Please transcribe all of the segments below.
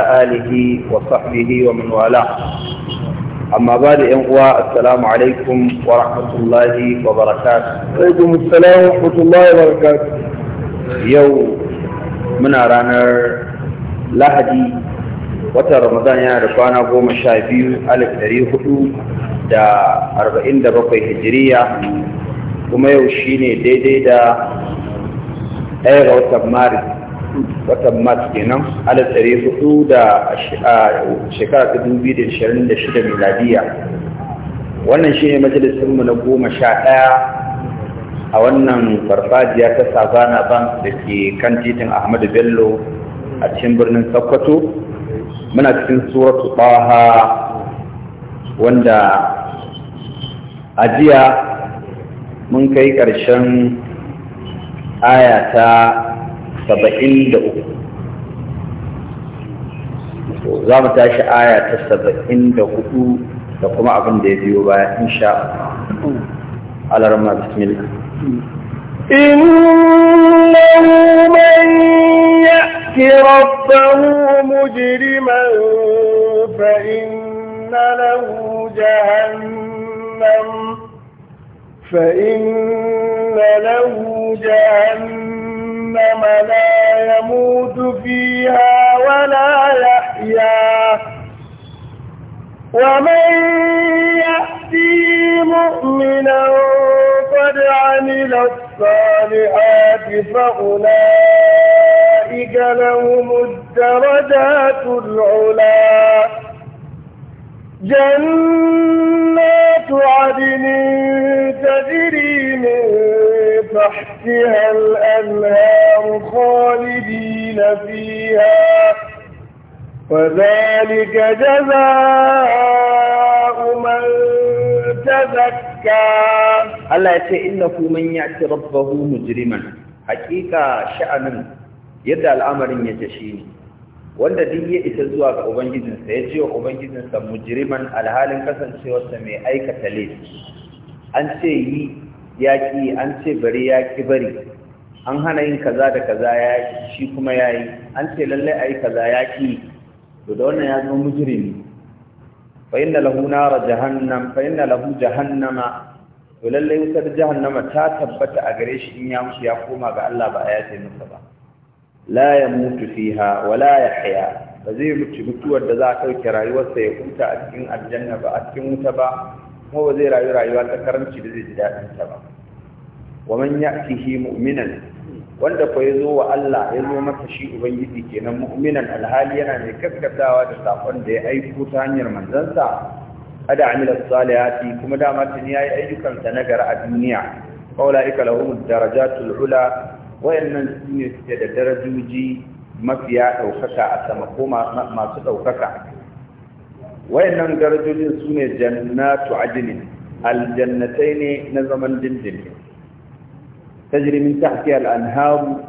آله وصحبه ومن والاه أما بعد أنقوى السلام عليكم ورحمة الله وبركاته عليكم السلام ورحمة الله وبركاته يوم من رانر لهدي watan ramadan yana da kwana goma sha biyu alif ɗari hudu da arba'in da bakwai hijiriya kuma yau shine daidai da ɗaya ga watan maris watan mars kenan alif ɗari hudu da shekara ta dubi da shirin da shida miladiya wannan shi ne mu na goma sha ɗaya a wannan farfajiya ta savannah bank da ke kan titin ahmadu bello a cikin birnin sokoto muna cikin suratu ɓaha wanda ajiya mun kai ƙarshen aya ta saba'in da uku za mu tashi aya ta saba'in da hudu da kuma abin da ya biyo baya insha Allah alarma bismillah إنه من يأتي ربه مجرما فإن له جهنم فإن له جهنم لا يموت فيها ولا يحيا ومن يأتي مؤمنا قد عمل الصالحات فأولئك لهم الدرجات العلى جنات عدن تجري من تحتها الأنهار خالدين فيها وذلك جزاء من تزكى الله يتي إنه من يأتي ربه مجرما حقيقة شأن يدى الأمر يتشيني wanda duk ya isa zuwa ga ubangijinsa ya ce wa ubangijinsa mujiriman alhalin kasancewarsa mai aikata laifi an ce yi yaƙi an ce bari yaƙi bari an hana yin kaza da kaza ya shi kuma ya yi an ce lallai a yi kaza ya ƙi to da wannan ya zama mujirimi fa inna lahu nara jahannam fa inna lahu jahannama to lallai wutar jahannama ta tabbata a gare shi in ya mutu ya koma ga Allah ba a yace masa ba la ya mutu fiha wa la ya haya ba zai mutu mutuwar da za a ɗauke rayuwarsa ya huta a cikin aljanna ba a cikin wuta ba kuma ba zai rayu rayuwa ta karanci da zai ji daɗin ta ba wa man ya'tihi mu'minan wanda ya zo wa Allah ya zo masa shi ubangiji kenan mu'minan alhali yana mai kaskatawa da saƙon da ya aiko ta hanyar manzansa ada amila salihati kuma dama tuni yayi ayyukan sa nagara a duniya qaulaika lahum darajatul ula wayannan su ne suke da darajoji mafiya ɗaukaka a sama ko masu ɗaukaka wayannan darajojin su ne jannatu adinin aljannatai ne na zaman dindindin tajri min tahti al-anharu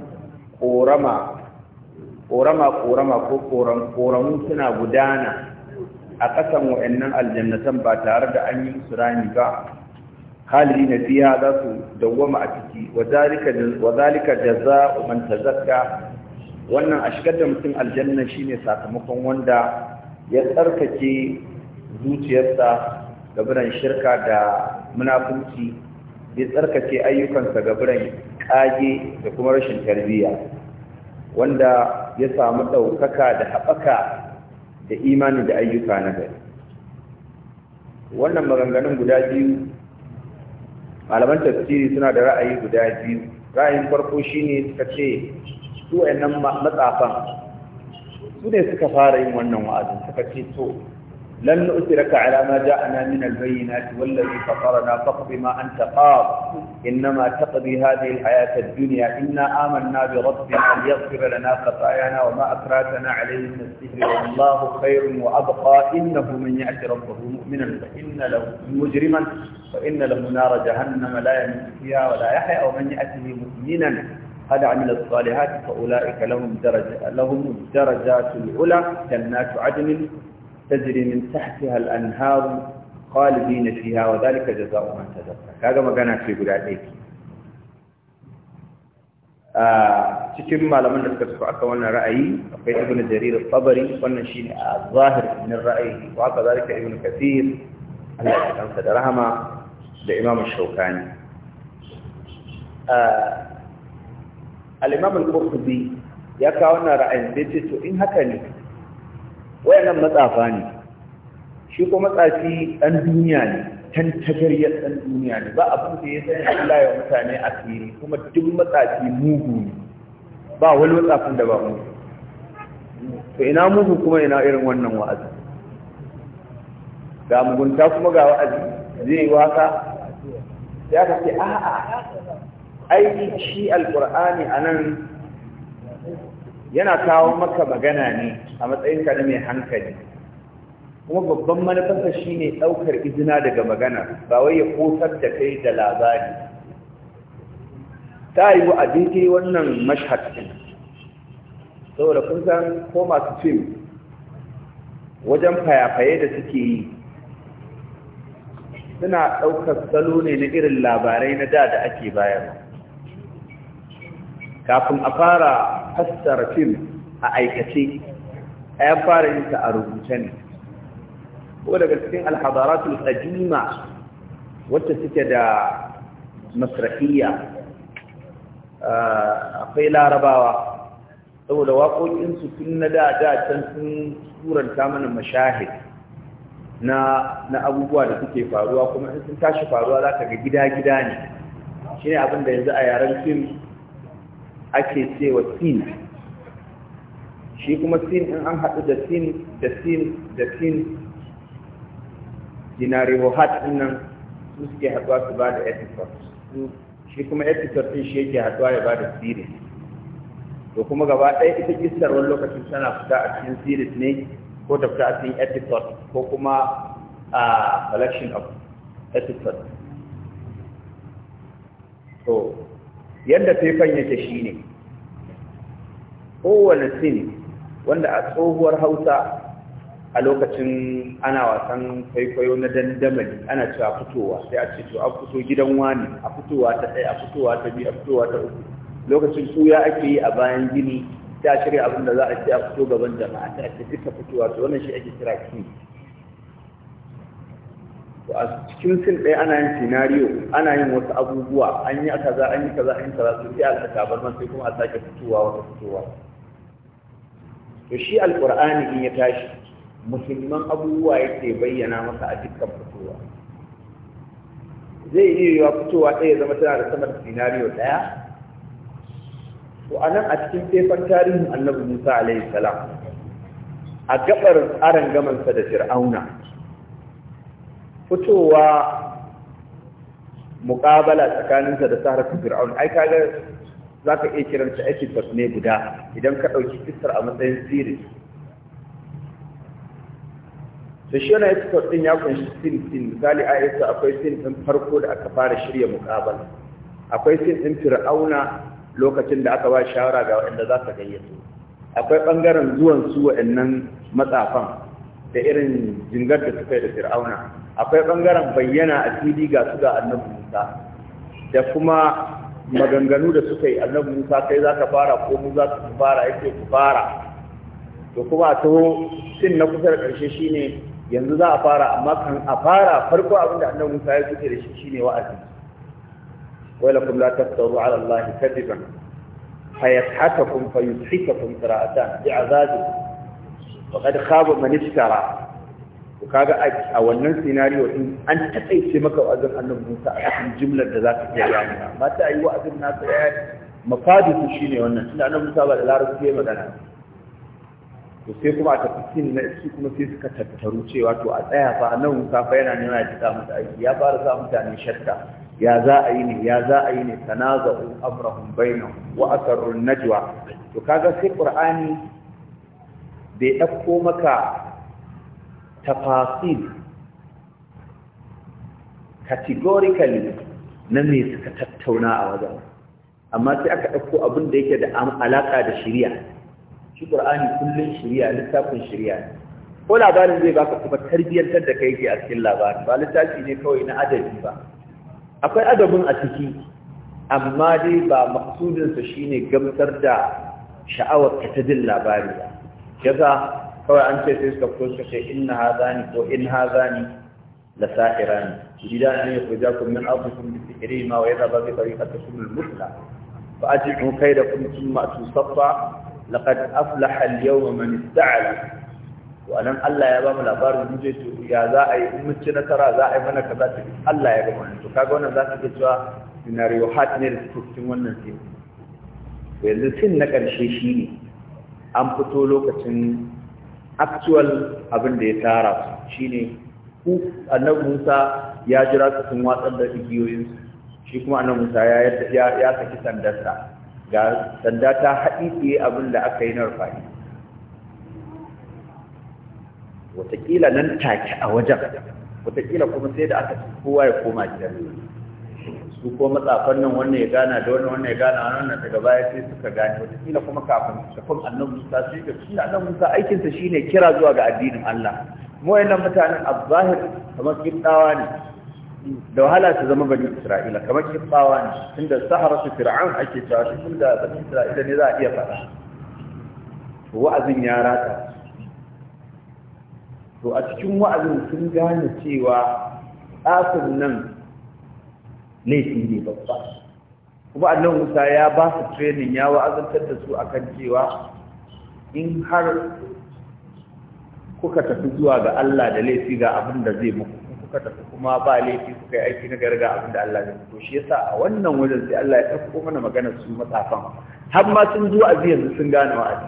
korama korama ko koran koramu suna gudana a ƙasan wayannan aljannatan ba tare da an yi musu rani ba na fiha za su dawwama a ciki wa zalika wa zalika man tazakka wannan a shigar da mutum aljanna shine sakamakon wanda ya tsarkake zuciyarsa ga biran shirka da munafunci ya tsarkake ayyukansa ga biran kage da kuma rashin tarbiyya wanda ya samu ɗaukaka da haɓaka da imani da ayyuka na gari wannan maganganun guda biyu malaman tafsiri suna da ra'ayi guda biyu ra'ayin farko shine suka ce su wayannan matsafan su ne suka fara yin wannan wa'azin suka ce to لن نؤثرك على ما جاءنا من البينات والذي فطرنا فاقض ما أنت قاض إنما تقضي هذه الحياة الدنيا إنا آمنا بربنا ليغفر لنا خطايانا وما اكرهتنا عليه من السحر والله خير وأبقى إنه من يأتي ربه مؤمنا فإن له مجرما فإن له نار جهنم لا يموت فيها ولا يحيا ومن يأته مؤمنا قد عمل الصالحات فأولئك لهم درجة لهم الدرجات العلى جنات عدن تجري من تحتها الأنهار خالدين فيها وذلك جزاء من تزكى هذا ما كان في قراءة ديك آه، تكلم ما لم نذكر سبعة وانا رأيي أخي ابن جرير الطبري وانا شيء الظاهر من الرأي وعطى ذلك ابن كثير الذي كان صدرهما لإمام الشوكاني آه، الإمام القرطبي يكاونا رأيي بيتي تو إن هكذا wayannan matsafa ne shi ko matsafi ɗan duniya ne tantagaryar ɗan duniya ne ba abin da ya san Allah ya mutane a fili kuma duk matsafi mugu ne ba wani matsafin da ba mugu to ina mugu kuma ina irin wannan wa'azi ga mugunta kuma ga wa'azi zai yi waka ya ka ce a'a ai shi alqur'ani anan yana kawo maka magana ne a matsayinka na mai hankali kuma babban manufarsa shine ɗaukar izina daga magana ba wai ya kosar da kai da labari ta yi wa a daidai wannan mashhad ɗin saboda kun san ko masu fim wajen fayafaye da suke yi suna ɗaukar salo ne na irin labarai na da da ake bayarwa kafin a fara fassara fim a aikace ya fara yin ta a rubuce ne ko daga cikin alhadaratul qadima wacce suke da masrahiya eh, akwai larabawa saboda waƙoƙinsu tun na da da can sun turanta mana mashahid na na abubuwa da suke faruwa kuma in sun tashi faruwa za ka ga gida-gida ne shine abin da yanzu a yaren fim ake cewa sin shi kuma sin in an haɗu da sin da sin da sin dinarewohat ɗin nan suke haɗuwa su ba da shi kuma ethicot ɗin shi yake haɗuwa ya ba da siris to kuma gaba ɗaya ita kistar wani lokacin tana fita a cikin sirri ne ko ta fita a cikin ethicot ko kuma a collection of ethicot to yadda faifan yake ne kowane sin wanda a tsohuwar hausa a lokacin ana wasan kwaikwayo na dandamali ana cewa fitowa sai a ce to a fito gidan wani a fitowa ta ɗaya a fitowa ta biyu a fitowa ta uku lokacin tuya ake yi a bayan gini ta shirya abin da za a ce a fito gaban jama'a ta ake duka fitowa to wannan shi ake kira ki to a cikin sin ɗaya ana yin scenario ana yin wasu abubuwa an yi kaza an yi kaza an yi kaza sai a tabar man sai kuma a sake fitowa wata fitowa to shi Alƙur'ani in ya tashi muhimman abubuwa yake bayyana masa a dukkan fitowa zai iya yiwuwa fitowa ɗaya zama tana da samar scenario ɗaya to a nan a cikin faifan tarihin annabi musa alaihi salam a gabar arangamansa da fir'auna fitowa muƙabala tsakaninsa da saharatu fir'aun ai kaga za ka iya kiranta ba ne guda idan ka ɗauki kisar a matsayin siri da shi yana din ya kunshi sin sin misali a yasa akwai sin ɗin farko da aka fara shirya mukabala, akwai sin ɗin fir'auna lokacin da aka ba shawara ga waɗanda za su gayyato akwai ɓangaren zuwan su waɗannan matsafan da irin jingar da suka yi da fir'auna akwai ɓangaren bayyana a fili ga su ga annabi musa da kuma maganganu da suka yi annabi musa kai za ka fara ko mu za ka fara yake ku fara to kuma a taho sin na kusa da ƙarshe shine yanzu za a fara amma kan a fara farko abin da annabi musa ya fice da shi shine wa'azi walakum la taftaru ala allahi kadiban fayashatakum fayushikakum qira'atan bi'azabi وقد خاب من افترى to kaga a wannan scenario din an taƙaice maka wa'azin annabi Musa a cikin jumlar da za ka iya gani ba ta yi wa'azin nasa ya su shine wannan tunda annabi Musa ba da larabci ya magana to sai kuma a tafi na su kuma sai suka tattaru cewa to a tsaya fa nan Musa fa yana nuna ya ta musu aiki ya fara sa mutane shakka ya za a yi ne ya za a yi ne tanaza'u amrahum bainahum wa asarru najwa to kaga sai qur'ani bai dauko maka tafasil categorically na me suka tattauna a wajen amma sai aka ɗauko abin da yake da alaƙa da shirya shi ƙur'ani kullum shirya littafin shirya ko labarin zai baka kuma tarbiyyantar da kai ke a cikin labarin ba littafi ne kawai na adabi ba akwai adabin a ciki amma dai ba maksudinsa shine gamsar da sha'awar ka ta jin labari ba yaza kawai an ce sai suka fito suka ce inna hazani ko in hazani la sahirani yuridan an yi yukhrijakum min ardikum bi sihrihima wa yadhhaba bi tariqatikum al-musla fa ajmu kaydakum thumma tusaffa laqad aflaha al-yawma man ista'ala Wa anan Allah ya ba mu labarin duje to ya za a yi in nasara za a yi mana kaza ta Allah ya gama to kaga wannan za ka ga cewa scenario hat ne da cikin wannan sai yanzu sin na karshe shi ne an fito lokacin actual abin da ya tara su shine ku annabi Musa ya jira su sun watsar da igiyoyin shi kuma annabi Musa ya ya ya saki sandarsa ga sanda ta haɗiɗe abin da aka yi na rufa'i wataƙila nan take a wajen wataƙila kuma sai da aka kowa ya koma gidan su ko matsafan nan wannan ya gana da wannan wannan ya gana wannan daga baya sai suka gane kila kuma kafin shafin annabi musa sai ga shi annabi musa aikinsa shine kira zuwa ga addinin allah mu wayannan mutanen azzahir kamar kibdawa ne da wahala su zama bani isra'ila kamar kibdawa ne tunda sahara su fir'aun ake cewa shi tunda bani isra'ila ne za a iya faɗa wa'azin ya rata to a cikin wa'azin sun gane cewa ɗakin nan laifin ne babba kuma annan musa ya ba su training ya wa'azantar da su akan cewa in har kuka tafi zuwa ga Allah da laifi ga abin da zai muku kuka tafi kuma ba laifi kuka yi aiki na garga abin da Allah zai muku shi yasa a wannan wajen sai Allah ya ɗauko mana magana su matsafan har ma sun zuwa a sun gane wa'azi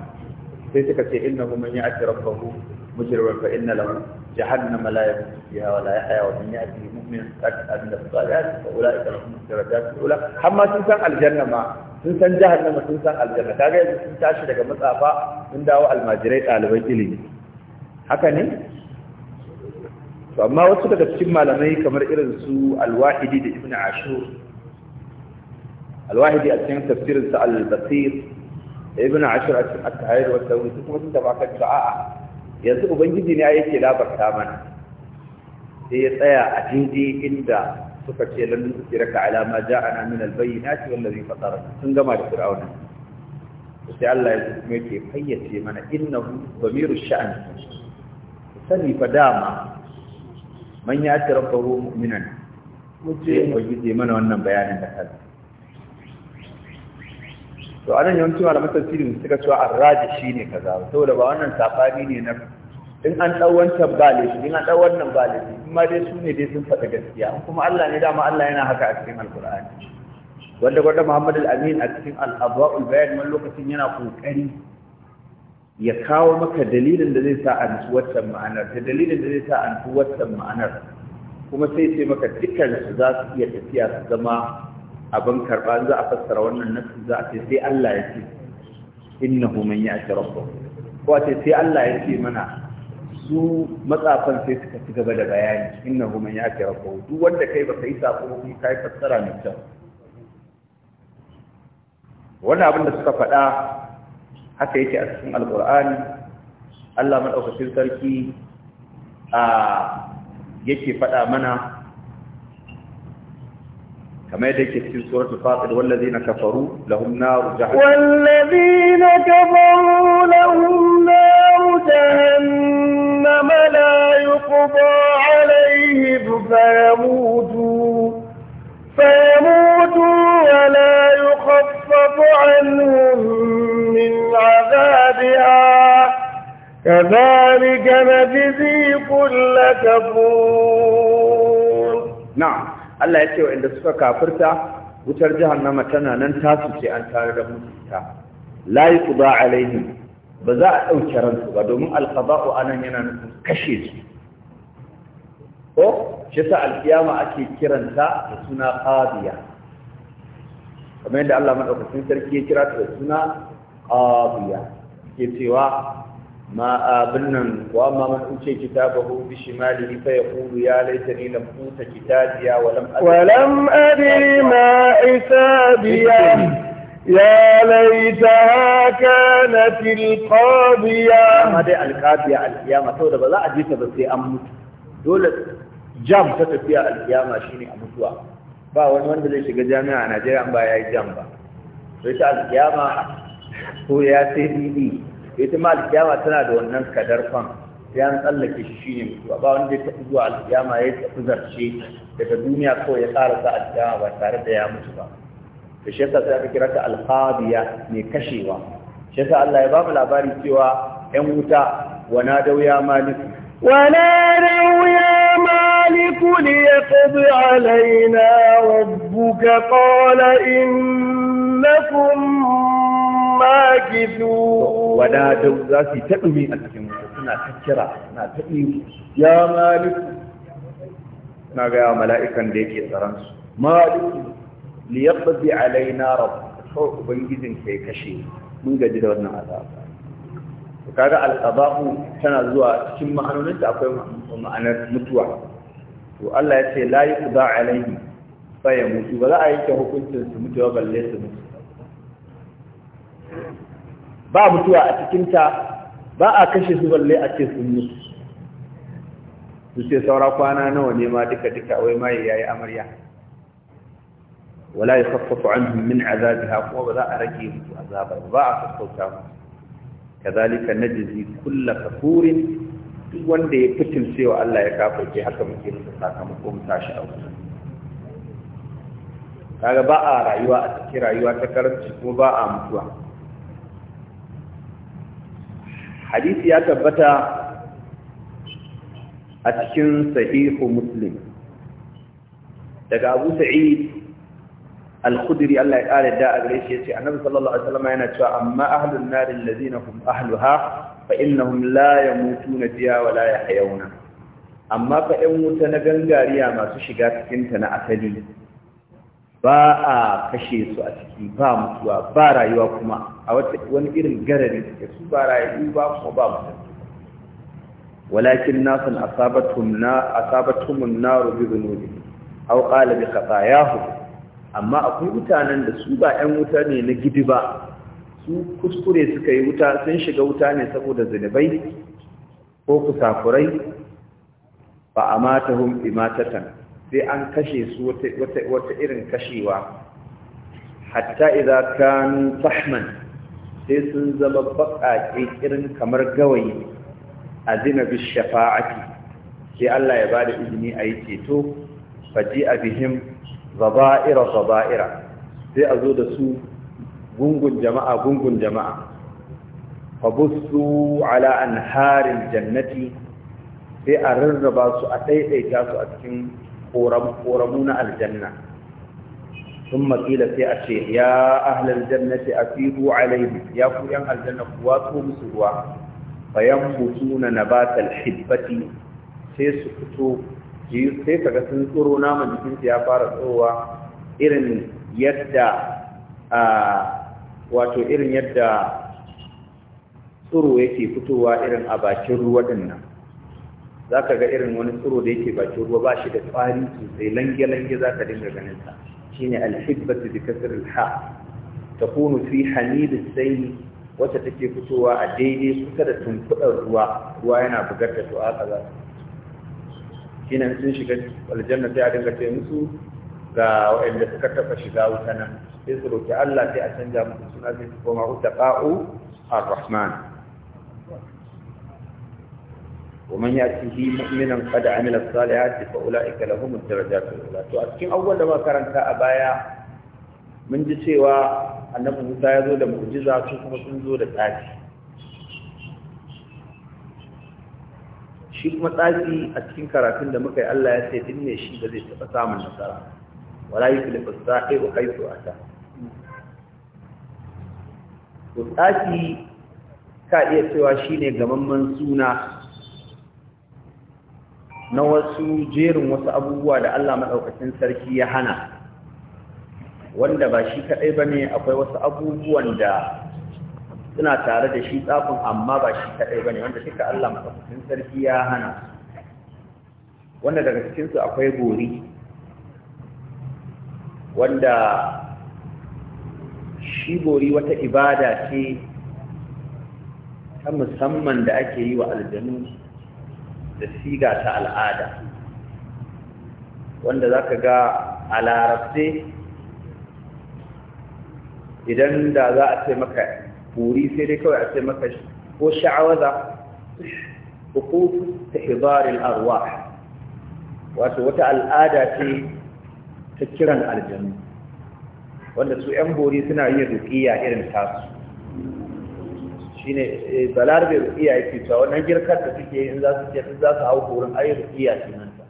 sai suka ce innahu man ya'ti rabbahu مجرما فإن له جهنم لا يموت فيها ولا يحيا ومن يأتي مؤمن قد أمن الصالحات فأولئك لهم الدرجات الأولى أما سنسان الجنة ما سنسان جهنم سنسان الجنة كاجا يجب أن تعشي لك من دعوة الماجرين على بيت إليه هكذا to amma wasu daga cikin malamai kamar irin su alwahidi da ibn ashur alwahidi a cikin tafsirin sa al-basir da ibn ashur yanzu ubangiji ne yake labarta mana sai ya tsaya a daidai inda suka ce lan nusiraka ala ma ja'ana min al-bayyinati wallazi fatara sun gama da fir'auna sai Allah ya kuma yake fayyace mana innahu bamiru sha'an sani fa dama man ya ci mu'minan mu ce ubangiji mana wannan bayanin da kansa to anan yawanci malaman tafsiri suka cewa arraji shine kaza saboda ba wannan safari ne na in an dau wancan in an dau wannan ba laifi in ma dai sune dai sun faɗa gaskiya kuma Allah ne dama Allah yana haka a cikin alqur'ani wanda gwada Muhammad al-Amin a cikin al-Adwa'ul Bayan wani lokacin yana kokari ya kawo maka dalilin da zai sa a ma'anar da dalilin da zai sa a ma'anar kuma sai ce maka dukkan su za su iya tafiya su zama abin karɓa za a fassara wannan nasu za a ce sai Allah ya ce innahu ya ce rabbahu ko a ce sai Allah ya ce mana su matsafan sai suka ci gaba da bayani innahu ya ce rabbahu duk wanda kai ba yi sako ba kuma kai fassara mai kyau Wani abin da suka faɗa haka yake a cikin alqur'ani Allah maɗaukacin sarki a yake faɗa mana كما يدك في سورة الفاطر والذين كفروا لهم نار جهنم والذين كفروا لهم نار جهنم لا يقضى عليهم فيموتوا فيموتوا ولا يخفف عنهم من عذابها كذلك نجزي كل كفور نعم Allah ya ce wa inda suka kafirta wutar jahannama tana nan tasu ce an tare da mutunta la yuqda alaihim ba za a dauke ransu ba domin alqada'u anan yana nufin kashe su ko shi sa alkiyama ake kiranta da suna qadiya kamar yadda Allah madaukakin sarki ya kira ta da suna qadiya ke cewa ما abinnan wa ma man uce kitabahu bi shimalihi fa yaqulu ya laitani lam uta kitabiya wa lam adri wa lam adri ma isabiya ya laita kanat al qadiya ma dai al qadiya al qiyama to da ba za a ji ta ba sai an mutu dole jam ta tafiya al qiyama shine a mutuwa ba wani wanda zai shiga jami'a a Najeriya ba yayi jam ba sai al qiyama ko ya sai dibi ita ma alkiyama tana da wannan kadarfan sai an tsallake shi ne mutuwa ba wanda ya tafi zuwa alkiyama ya tafi zarce daga duniya kawai ya tsara karasa alkiyama ba tare da ya mutu ba da shi yasa sai aka kira ta alqabiya mai kashewa shi yasa Allah ya ba mu labari cewa 'yan wuta wana dau ya maliku wana dau ya maliku liyaqdi alaina rabbuka qala innakum makizu wada da za su yi ta dumi a cikin mutu suna ta kira suna ta dumi ya maliku na ga ya mala'ikan da yake tsaron su maliku li yaqdi alaina rabb ko ubangijin kai kashe mun gaji da wannan azaba kaga alqaba'u tana zuwa cikin ma'anonin da akwai ma'anar mutuwa to Allah ya ce la yuqda alaihi fa yamutu ba za a yanke hukuncin su mutuwa balle su mutu ba mutuwa a cikinta ba a kashe su balle a ce sun mutu su ce saura kwana nawa ne ma duka duka wai ma yayi amarya wala yakhaffafu anhum min azabiha kuma ba za a rage musu azabar ba a sassauta mu kazalika najzi kullu kafurin duk wanda ya fitin cewa Allah ya kafirce haka muke musu sakamako mu tashi a wuta kaga ba a rayuwa a cikin rayuwa ta karanci kuma ba a mutuwa hadisi ya tabbata a cikin sahihu muslim daga abu sa'id al-khudri Allah ya kare da a gare shi yace annabi sallallahu alaihi wasallam yana cewa amma ahlun nar allazina hum ahluha fa innahum la yamutuna fiha wa la yahyauna amma fa in wuta na gangariya masu shiga cikin ta na asali ba a kashe su a ciki ba mutuwa ba rayuwa kuma a wani irin garari da su ba rayu ba kuma ba mutum walakin nasun asabatuhum na rubi naru au dhunubi aw qala yahu. amma akwai mutanen da su ba 'yan wuta ne na gidi ba su kuskure suka yi wuta sun shiga wuta ne saboda zunubai ko kusakurai fa amatahum imatatan sai an kashe su wata irin kashewa hatta idan kanu fahman, sai sun zama baƙaƙe irin kamar gawayi azina bi shafa'ati sai Allah ya bada izini a yi ceto faji a bihim zaba'ira zaba'ira sai a zo da su gungun jama'a gungun jama'a fabussu ala anharin jannati sai a rarraba su a ɗaiɗaita su a cikin koramu na aljanna sun matsila sai a ce ya ahalar jannati a firu alaihi ya fi yan aljanna kuwa tso musu ruwa bayan butu na nabatal hibbati sai su fito sai kaga sun tsoro naman jikinsu ya fara tsowa irin yadda wato irin yadda tsoro yake fitowa irin a bakin ruwa din nan za ka ga irin wani tsiro da yake bakin ruwa ba shi da tsari sosai lange-lange za ka dinga ganin sa shine alhibbatu bi kasr alha kunu fi hamid al wacce take fitowa a daidai kusa da tumfudar ruwa ruwa yana bugar da su'a kaza sun shiga aljanna sai a dinga ce musu ga waɗanda suka taɓa shiga wuta nan sai su roki Allah sai a canja musu suna sai su koma utaqa'u ar-rahman ومن يأتيه مؤمنا قد عمل الصالحات فأولئك لهم الدرجات الأولى to a cikin abubuwan da muka karanta a baya mun ji cewa annabi Musa ya zo da mu'jiza su kuma sun zo da tsafi shi kuma tsafi a cikin karatun da muka yi Allah ya ce din ne shi da zai taɓa samun nasara wala yuflihu as-sahihu haythu ata to tsafi ka iya cewa shine gamamman suna na wasu jerin wasu abubuwa da Allah maɗaukacin sarki ya hana wanda ba shi kaɗai ba ne akwai wasu abubuwan da suna tare da shi tsafin amma ba shi kaɗai ba ne wanda kika Allah maɗaukacin sarki ya hana wanda daga cikinsu akwai gori wanda shi gori wata ibada ce ta musamman da ake yi wa aljanu da siga ta al'ada wanda za ka ga a larabce idan da za a ce maka buri sai dai kawai a ce maka ko sha'awaza hukuk ta hibarin arwa wato wata al'ada ce ta kiran aljanu wanda su 'yan bori suna yin rukiya irin tasu shine eh, bai rukiya yake cewa wannan girkar da suke in za su ce in za su hau korin ayi rukiya ce nan ta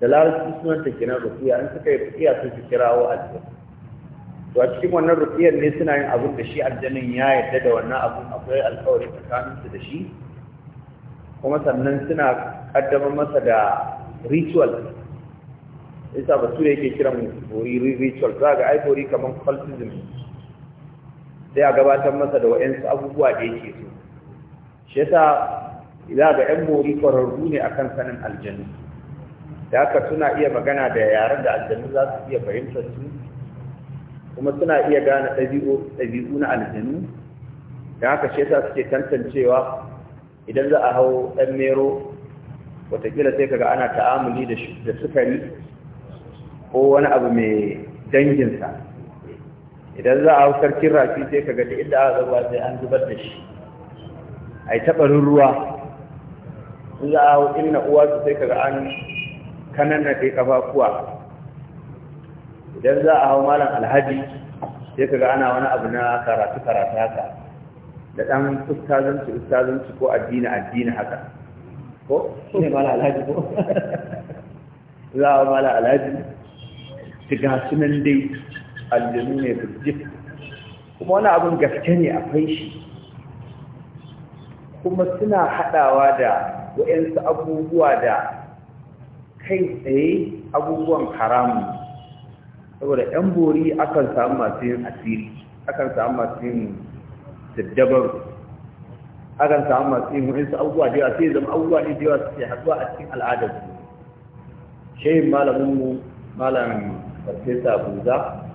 da larabci sunan ta kenan rukiya in suka yi rukiya sun fi kirawo aljanna to a cikin wannan rukiyar ne suna yin abun da shi aljanin ya yarda da wannan abun akwai alkawari tsakaninsu da shi kuma sannan suna kaddamar masa da ritual isa su yake kiran bori ritual za ga ai bori kamar cultism sai a gabatar masa da wa'yansu abubuwa da yake so shi yasa za ga yan mori kwararru ne akan sanin aljanu da haka suna iya magana da yaren da aljanu za su iya fahimtar su kuma suna iya gane ɗabi'u na aljanu da haka shi yasa suke tantancewa idan za a hau ɗan mero watakila sai kaga ana ta'amuli da sukari ko wani abu mai danginsa idan za a hau sarkin rafi sai ka gani inda aka zaba sai an zubar da shi a yi taɓarin ruwa in za a hau inna uwa su sai ka ga an kanan na kai kafafuwa idan za a hau malam alhaji sai ka ga ana wani abu na karatu karatu haka da ɗan ustazanci ustazanci ko addini addini haka ko ne malam alhaji ko za a malam alhaji shiga sunan dai aljanu ne su kuma wani abin gaske ne kai shi kuma suna haɗawa da wa'yansu abubuwa da kai tsaye abubuwan haramu saboda ‘yan bori akan samu masu yin asiri akan samu masu yin daddabar akan samu masu yin waɗansu abubuwa da yawa sai zama abubuwa ne da yawa suke haɗuwa a cikin al'adar su shehin malaminmu malam farfesa buza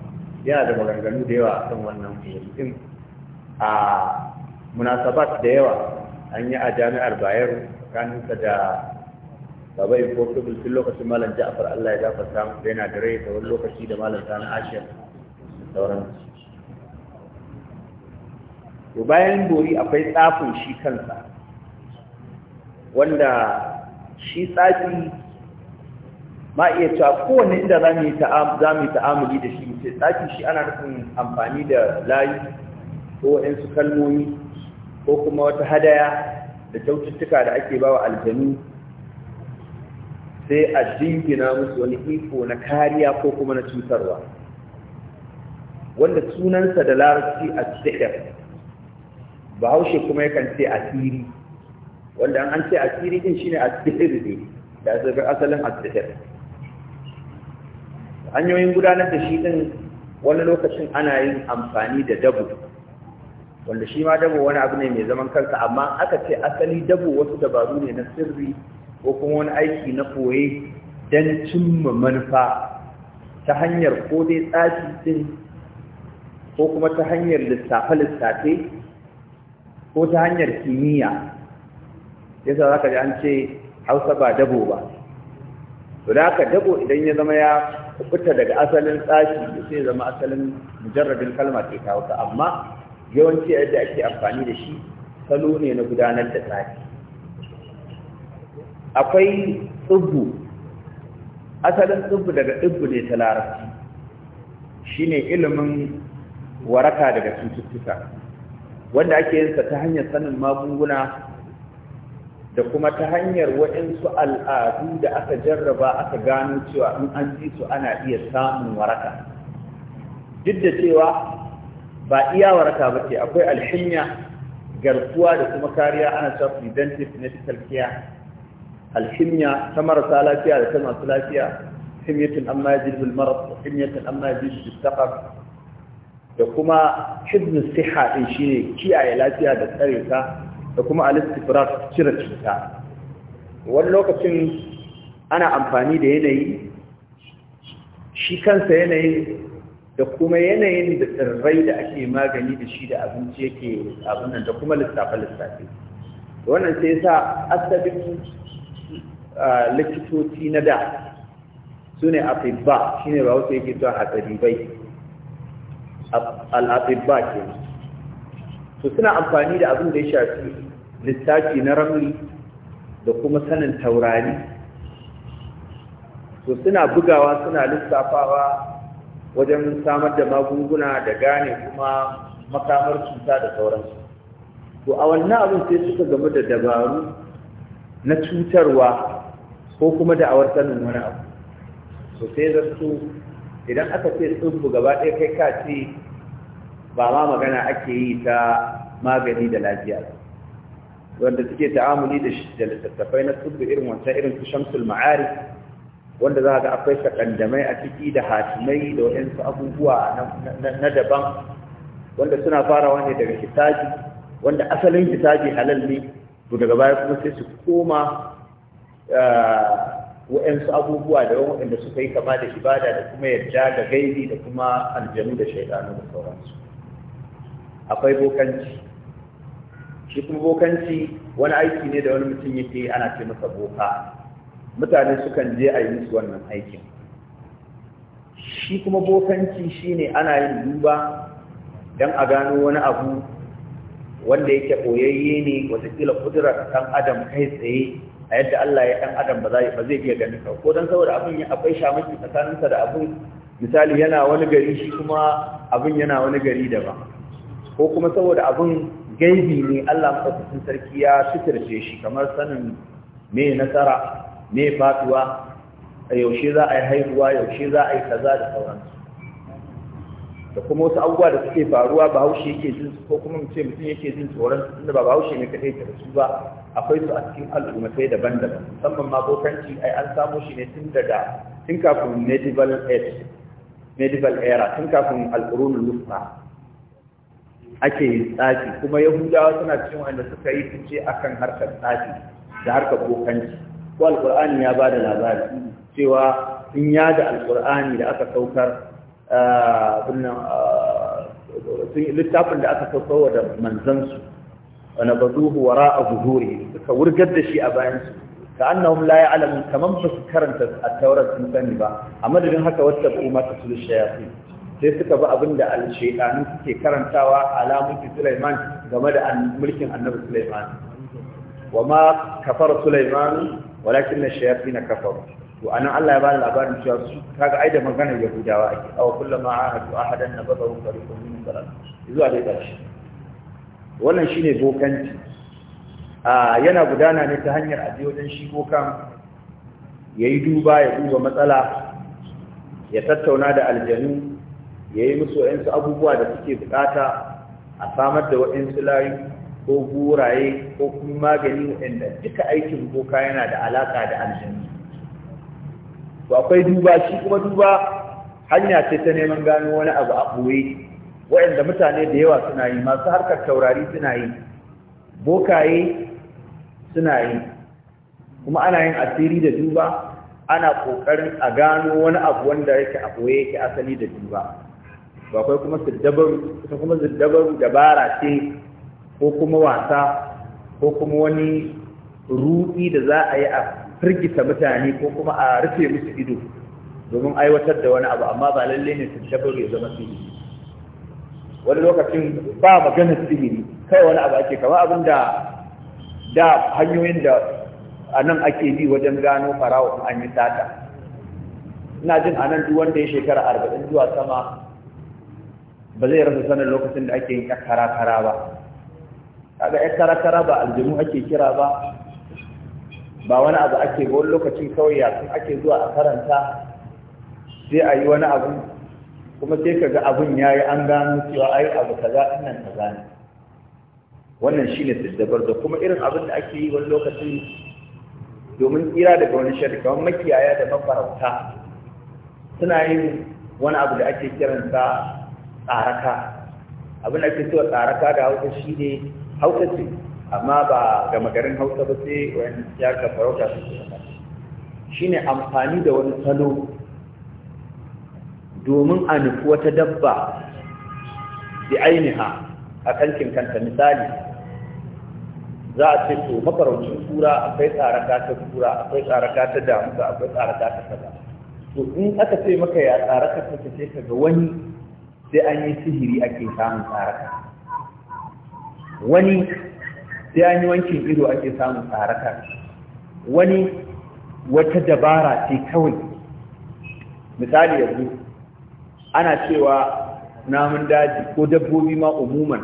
yana da maganganu da yawa kan wannan din a munasabat da yawa an yi a jami'ar bayero tsakaninsa da ko impossible tun lokacin malam ja'afar allah ya samu da yana da rai da wani lokaci da malam sani ashir da sauran to bayan bori akwai tsafin shi kansa wanda shi tsafi ma iya cewa kowanne inda za mu yi ta'amuli da shi sai tsaki shi ana nufin amfani da layi ko waɗansu kalmomi ko kuma wata hadaya da kyaututtuka da ake bawa aljanu sai a jingina musu wani iko na kariya ko kuma na cutarwa wanda sunansa da larabci a bahaushe kuma yakan ce asiri wanda an ce asiri din shine asiri ne da asalin asihir hanyoyin gudanar da shi din wani lokacin ana yin amfani da dabo wanda shi ma dabo wani abu ne mai zaman karsa, amma aka ce asali dabo wasu dabaru ne na sirri ko kuma wani aiki na koye don cimma manufa ta hanyar ko dai tsafi din ko kuma ta hanyar lissafe-lissafe ko ta hanyar kimiyya yasa za ka ji an ce hausa ba dabo ba to da haka dabo idan ya zama ya fita daga asalin tsashi sai zama asalin mujarrabin kalma ke kawo ta amma yawanci yadda ake amfani da shi salo ne na gudanar da tsashi akwai tsubbu asalin tsubbu daga tsubbu ne ta larabci ne ilimin waraka daga cututtuka wanda ake yinsa ta hanyar sanin magunguna da kuma ta hanyar waɗansu al'adu da aka jarraba aka gano cewa in an ji su ana iya samun waraka duk da cewa ba iya waraka ba ce akwai alhinya garkuwa da kuma kariya ana cewa preventive medical care alhinya ta marasa lafiya da ta masu lafiya himyatin amma ya jirgin maras himyatin amma ya jirgin da kuma hibnin siha ɗin shine kiyaye lafiya da tsare ta. da kuma alistifrat cire cuta wani lokacin ana amfani da yanayi shi kansa yanayin da kuma yanayin da tsirrai da ake magani da shi da abinci yake abin nan da kuma lissafe-lissafe wannan sai sa asabin likitoci na da su ne afibba shi ne ba wasu yake zuwa hatsaribai al'afibba ke su suna amfani da abin da ya shafi littafi na ramli da kuma sanin taurari to suna bugawa suna lissafawa wajen samar da magunguna da gane kuma makamar cuta da sauransu to a wannan abin sai suka gamu da dabaru na cutarwa ko kuma da awar sanin wani abu to sai su idan aka ce tsubbu gaba ɗaya kai ka ce ba ma magana ake yi ta magani da lafiya ba wanda suke ta'amuli da littattafai na tsubbi irin wancan irin su shamsul ma'arif wanda za ga akwai sakandamai a ciki da hatimai da waɗansu abubuwa na daban wanda suna farawa ne daga hitaji wanda asalin hitaji halal ne to daga baya kuma sai su koma eh, waɗansu abubuwa da waɗanda suka yi kama da ibada da kuma yarda da gaibi da kuma aljanu da shaidanu da sauransu akwai bokanci shi kuma bokanci wani aiki ne da wani mutum yake ana ce masa boka mutane sukan je a yi musu wannan aikin shi kuma bokanci shine ana yin duba don a gano wani abu wanda yake koyayye ne watakila kudura, ɗan adam kai tsaye a yadda Allah ya ɗan adam ba zai iya gani ka ko don saboda abin akwai shamaki tsakaninsa da abin misali yana wani gari shi kuma abin yana wani gari daban ko kuma saboda abin gaibi ne Allah madaukakin sarki ya suturce shi kamar sanin me nasara me faduwa yaushe za a yi haihuwa yaushe za a yi kaza da sauransu da kuma wasu abubuwa da suke faruwa ba haushe yake jin su ko kuma mutum mutum yake jin tsoron su tunda ba ba haushe ne kadai ta su ba akwai su a cikin al'ummatai daban-daban musamman ma bokanci ai an samo shi ne tun daga tun kafin medieval age medieval era tun kafin al'urunul musta ake yin tsafi kuma yahudawa suna cikin wanda suka yi fice kan harkar tsafi da harkar bokanci ko alkur'ani ya bada labari cewa sun yada alkur'ani da aka saukar littafin da aka saukarwa da manzansu wani bazuhu wara a zuhuri suka wurgar da shi a bayansu ka annahum la ya'lamun kaman ba su karanta a taurar sun sani ba a madadin haka wata ba umar ta tulu shayafi sai suka bi abin da alshaitanu suke karantawa ala suleiman Sulaiman game da mulkin annabi Sulaiman wa ma kafar Sulaiman walakin ash-shayatin kafaru to anan Allah ya bani labarin cewa su kaga ai da maganar Yahudawa ake aw kullama ahadu ahadan nabadahu fariqun min salat zuwa dai karshe wannan shine bokanci a yana gudana ne ta hanyar aje wajen shi bokan yayi duba ya duba matsala ya tattauna da aljanu Yayi yi musu wa'insu abubuwa da suke bukata a samar da wa'insu layu, ko guraye ko kuma magani waɗanda duka aikin boka yana da alaka da aljanu to akwai duba shi kuma duba hanya ce ta neman gano wani abu a ɓoye wa'inda mutane da yawa suna yi masu harkar taurari suna yi bokaye suna yi kuma ana yin asiri da duba ana ƙoƙarin a gano wani abu wanda yake a ɓoye yake asali da duba ba kai kuma siddabaru ita kuma dabara ce ko kuma wasa ko kuma wani ruɗi da za a yi a firgita mutane ko kuma a rufe musu ido domin aiwatar da wani abu amma ba lalle ne siddabaru ya zama sihiri wani lokacin ba magana sihiri kai wani abu ake kama abin da da hanyoyin da a nan ake bi wajen gano farawa an yi tata. ina jin a duk wanda ya shekara arba'in zuwa sama ba zai rasa sanin lokacin da ake yin karakara ba kaga yan karakara ba aljanu ake kira ba ba wani abu ake ba wani lokacin kawai yasin ake zuwa a karanta sai a yi wani abu kuma sai kaga abun ya yi an gano cewa ai abu kaza nan kaza ne wannan shine siddabar da kuma irin abin da ake yi wani lokacin domin tsira daga wani shari kamar makiyaya da mafarauta suna yin wani abu da ake kiransa tsaraka abin da ke cewa tsaraka da hausa shi ne hausa ce amma ba gama garin hausa ba sai wani siyasar farauta su ke shi ne amfani da wani salo domin a nufi wata dabba da ainiha a kankin kanta misali za a ce to mafaraucin kura akwai tsaraka ta kura akwai tsaraka ta damu akwai tsaraka ta kaza to in aka ce maka ya tsaraka ta ce ka ga wani sai an yi sihiri ake samun tsaraka wani sai an yi wankin ido ake samun tsaraka wani wata dabara ce kawai misali yanzu ana cewa namun daji ko dabbobi ma umuman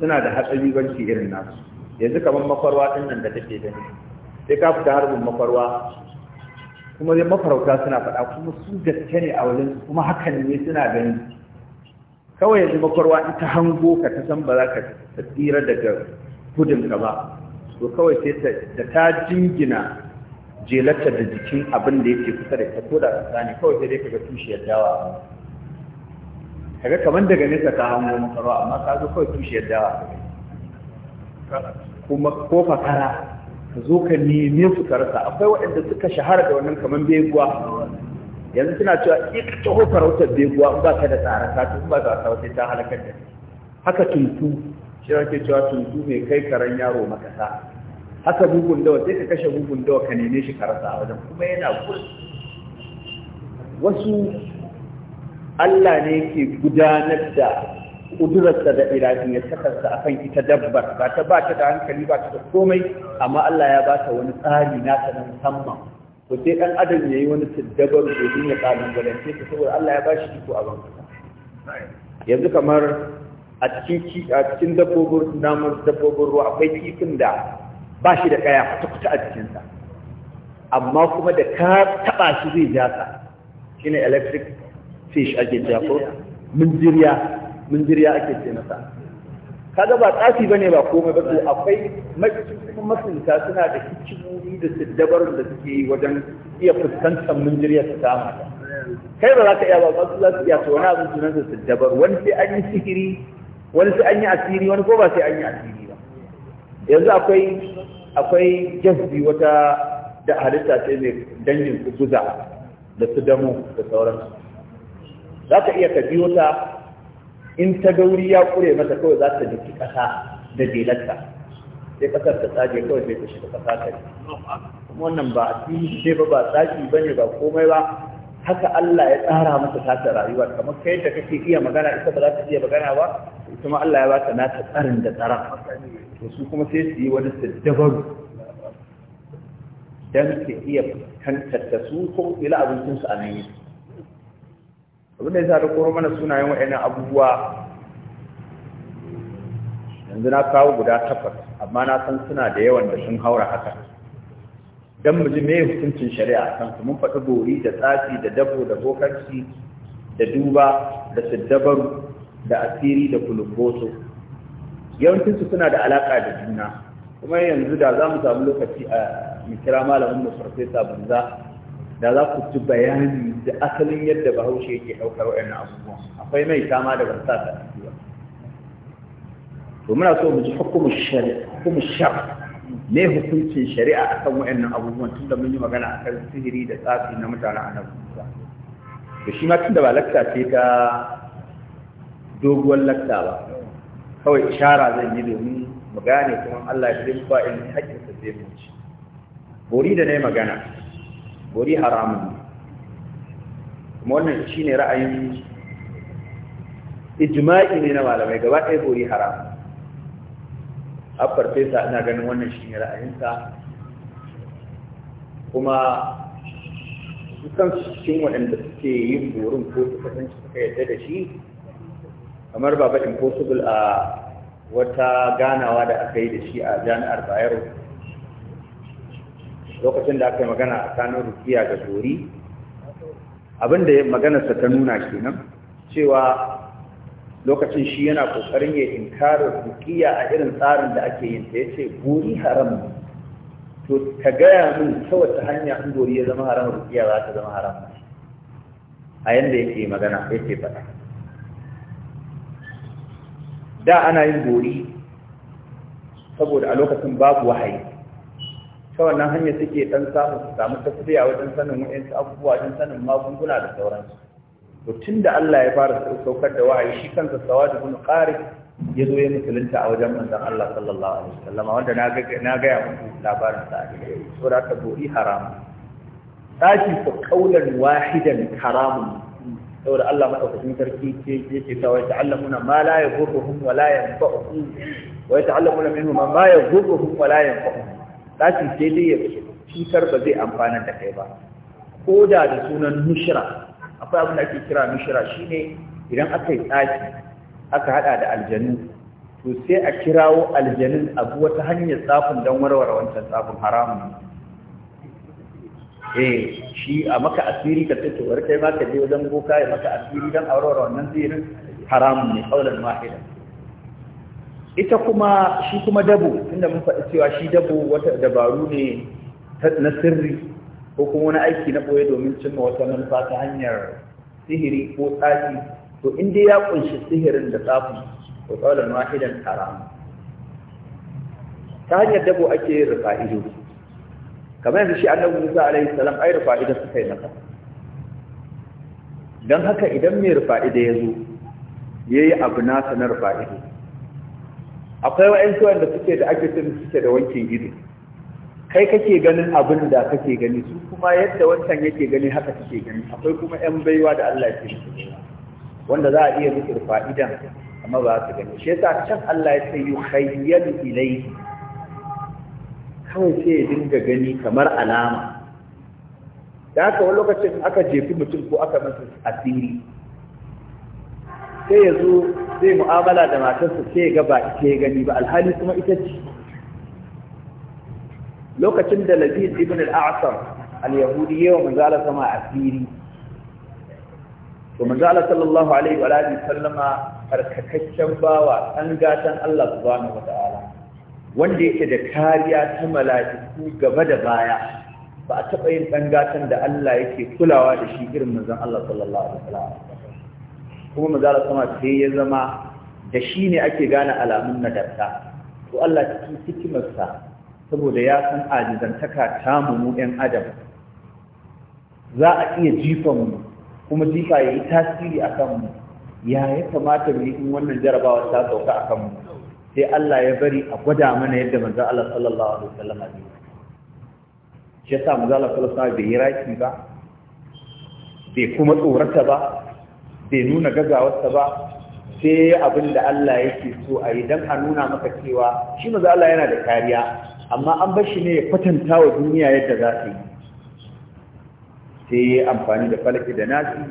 suna da hatsari banki irin nasu yanzu kamar makwarwa ɗin nan da take gani sai ka fita harbin makwarwa kuma dai mafarauta suna faɗa kuma su gaske ne a wajen kuma hakan ne suna gani kawai yanzu makwarwa ita hango ka ta san ba za ka tsira daga gudun ka ba to kawai sai da ta jingina jelata da jikin abin da yake kusa da ita ko da kasa ne kawai sai dai kaga tushiyar dawa kaga kaman daga nesa ka hango makwarwa amma ka zo kawai tushiyar dawa kuma ko fakara ka zo ka nemi su ka rasa akwai waɗanda suka shahara da wannan kamar beguwa yanzu suna cewa ik taho farautar beguwa in ba ka da tsara ka in ba ka wata ta halakar da haka tuntu shi ake cewa tuntu mai kai karen yaro makasa haka bugun dawa sai ka kashe bugun dawa ka neme shi ka rasa a wajen kuma yana gudu wasu Allah ne ke gudanar da kudurarsa da iradiyattakarsa a kan ita dabbar ba ta ba ta da hankali ba ta da komai amma Allah ya ba ta wani tsari na ta musamman ko sai ɗan adam ya yi wani tiddabar domin ya gwalance ta saboda Allah ya ba shi iko a ban yanzu kamar a cikin dabbobin namun dabbobin ruwa akwai kifin da ba shi da kaya ta a jikinsa amma kuma da ka taɓa shi zai ja ka shine electric fish ake jafo jirya munjiriya ake ce masa kaga ba tsafi bane ba komai ba sai akwai masunta suna da hikimomi da siddabar da suke yi wajen iya fuskantar munjiriya ta kama ta kai ba za ka iya ba wasu za su iya to wani abin sunan da siddabar wani sai an yi sihiri wani sai an yi asiri wani ko ba sai an yi asiri ba yanzu akwai akwai jazbi wata da halitta ce mai dangin su guza da su damu da sauransu za ka iya ka biyo ta in ta gauri ya kure mata kawai za ta jiki ƙasa da jelarta sai ƙasar ta tsage kawai sai ta shiga ƙasa ta kuma wannan ba asiri ne ba ba tsaki ba ne ba komai ba haka Allah ya tsara mata tasa rayuwa kamar kai da kake iya magana ita ba za ta iya magana ba ita Allah ya ba ta nata tsarin da tsara to su kuma sai su yi wani dabaru dan ke iya kantar da su ko ila abincinsu a nan yi. abin da sa da koro mana sunayen wa'ina abubuwa yanzu na kawo guda takwas amma na san suna da yawan da sun haura haka dan mu ji me hukuncin shari'a kan mun faɗi bori da tsafi da dabo da bokarci da duba da siddabaru da asiri da yawancin yawancinsu suna da alaƙa da juna kuma yanzu da za mu samu lokaci a mu kira malamin mu farfesa banza da za ku ci bayani da asalin yadda bahaushe yake ɗaukar waɗannan abubuwan akwai mai kama da ban sa ta ba to muna so mu ji hukumu shari'a hukumu shar ne hukuncin shari'a akan waɗannan abubuwan tunda mun yi magana akan sihiri da tsafi na mutanen annabi to shi ma da ba lakta ce ta doguwar lakta ba kawai ishara zan yi domin mu gane kuma Allah ya rinfa ilmi hakkin sa zai mu ci bori da yi magana bori haramun kuma wannan shi ne ra'ayin ijima'i ne na malamai gaba ɗaya bori haramun abbar fesa ina ganin wannan shi ne ra'ayinsa kuma kusan cikin waɗanda suke yin borin ko suka san suka yadda da shi kamar baba impossible a wata ganawa da aka yi da shi a jami'ar bayero lokacin da aka yi magana a kano rukiya ga zori abinda ya maganarsa ta nuna kenan cewa lokacin shi yana kokarin ya inkarar rukiya a irin tsarin da ake yin ta ya ce gori haram to ka gaya min ta wata hanya in gori ya zama haram rukiya za ta zama haram a yadda yake magana ce faɗa da ana yin gori saboda a lokacin babu wahayi ta wannan hanyar suke dan samu su samu tafiya wajen sanin wa'insu abubuwa wajen sanin magunguna da sauransu to tun da Allah ya fara saukar da wa'ayi shi kansa sawadu bin qarib ya zo ya musulunta a wajen manzon Allah sallallahu alaihi wasallam wanda na ga na ga ya muku labarin sa a so da ka bori haram tashi ko qaulan wahidan haramun saboda Allah madaukakin sarki ce yake cewa ta'allamuna ma la yadhurruhum wa la yanfa'uhum wa ta'allamuna minhum ma yadhurruhum wa la yanfa'uhum ɗaci sai dai ya cutar ba zai amfana da kai ba ko da da sunan nushira akwai abin da ake kira nushira shine idan aka yi tsaki aka haɗa da aljanu to sai a kirawo aljanun abu wata hanyar tsafin don warware wancan tsafin haramun eh shi a maka asiri ka ce warkai ma ka je wajen boka ya maka asiri don a warware wannan zirin haramun ne kaulan maida ita kuma shi kuma dabo tunda mun faɗi cewa shi dabo wata dabaru ne na sirri ko kuma wani aiki na ɓoye domin cimma wata manufa ta hanyar sihiri ko tsafi to in dai ya kunshi sihirin da tsafin ko tsawon wahidan haram ta hanyar dabo ake rufa ido kamar yanzu shi annabi Musa alaihi salam ai rufa ido suka yi masa dan haka idan mai rufa ido ya zo yayi abu nasa na rufa ido akwai wa'yansu wanda suke da ake sun suke da wankin ido kai kake ganin abin da kake gani su kuma yadda wancan yake gani haka suke gani akwai kuma 'yan baiwa da Allah ya ce wanda za a iya musu fa'idan amma ba su gani shi yasa can Allah ya ce yukhayyal ilayhi kawai sai ya dinga gani kamar alama da haka wani lokacin aka jefi mutum ko aka masa asiri sai ya zo zai mu'amala da matarsa sai ga ba ita ya gani ba alhali kuma ita ce lokacin da Labid ibn al-A'sar al-Yahudi yawa manzala sama asiri to manzala sallallahu alaihi wa alihi sallama karkakaccen bawa an gatan Allah subhanahu wa ta'ala wanda yake da kariya ta mala'iku gaba da baya ba a taɓa yin ɗan gatan da Allah yake kulawa da shi irin manzon Allah sallallahu alaihi wa kuma manzala sama sai ya zama da shi ne ake gane alamun nagarta to Allah cikin hikimarsa saboda ya san ajizantaka ta mu ɗan adam za a iya jifan mu kuma jifa ya yi tasiri a mu. ya ya kamata mu yi in wannan jarabawa ta sauka a mu. sai Allah ya bari a gwada mana yadda manzo Allah sallallahu alaihi wasallam ya shi yasa manzo Allah sallallahu alaihi wasallam bai yi raki ba bai kuma tsorata ba bai nuna gazawarsa ba sai abin da Allah yake so a yi don a nuna maka cewa shi maza Allah yana da kariya amma an bar shi ne ya kwatanta wa duniya yadda za ta yi sai amfani da falaki da nasi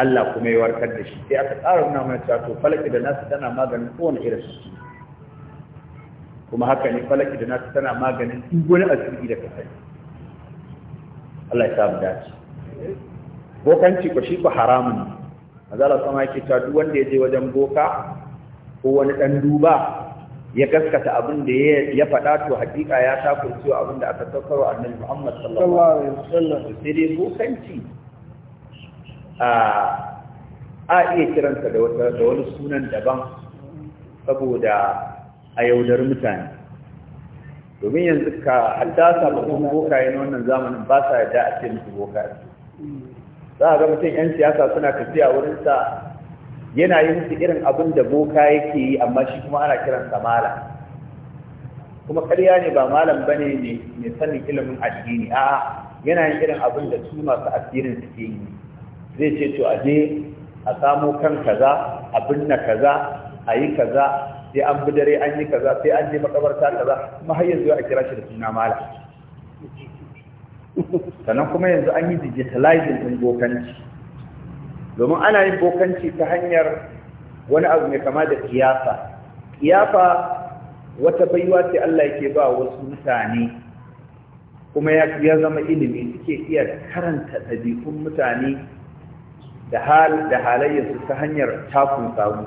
Allah kuma ya warkar da shi sai aka tsara nuna mana cewa to falaki da nasi tana maganin kowane irin su kuma haka ne falaki da nasi tana maganin duk wani asiri da ka Allah ya samu dace bokanci ko shi ko haramun azala sama yake ta duk wanda ya je wajen boka ko wani dan duba ya gaskata abin da ya faɗa to hakika ya kurciyo abin da aka saukaro annabi Muhammad sallallahu alaihi wasallam sai dai bokanci a iya kiransa da wani sunan daban saboda a yaudar mutane domin yanzu ka haddasa ba kuma bokaye na wannan zamanin ba sa yadda a ce musu bokaye za a ga mutum 'yan siyasa suna tafiya wurinsa yana yi musu irin abin da boka yake yi amma shi kuma ana kiransa malam kuma karya ne ba malam bane ne mai sanin ilimin addini a yana yin irin abin da su masu asirin suke yi zai ce to a je a samo kan kaza a binne kaza a yi kaza sai an bi dare an yi kaza sai an je makabarta kaza kuma har yanzu a kira shi da suna malam sannan kuma yanzu an yi digitalizing din bokanci domin ana yin bokanci ta hanyar wani abu mai kama da kiyafa kiyafa wata baiwa ce Allah yake ba wasu mutane kuma ya zama ilimi suke iya karanta ɗabi'un mutane da hal da halayyarsu ta hanyar takun samu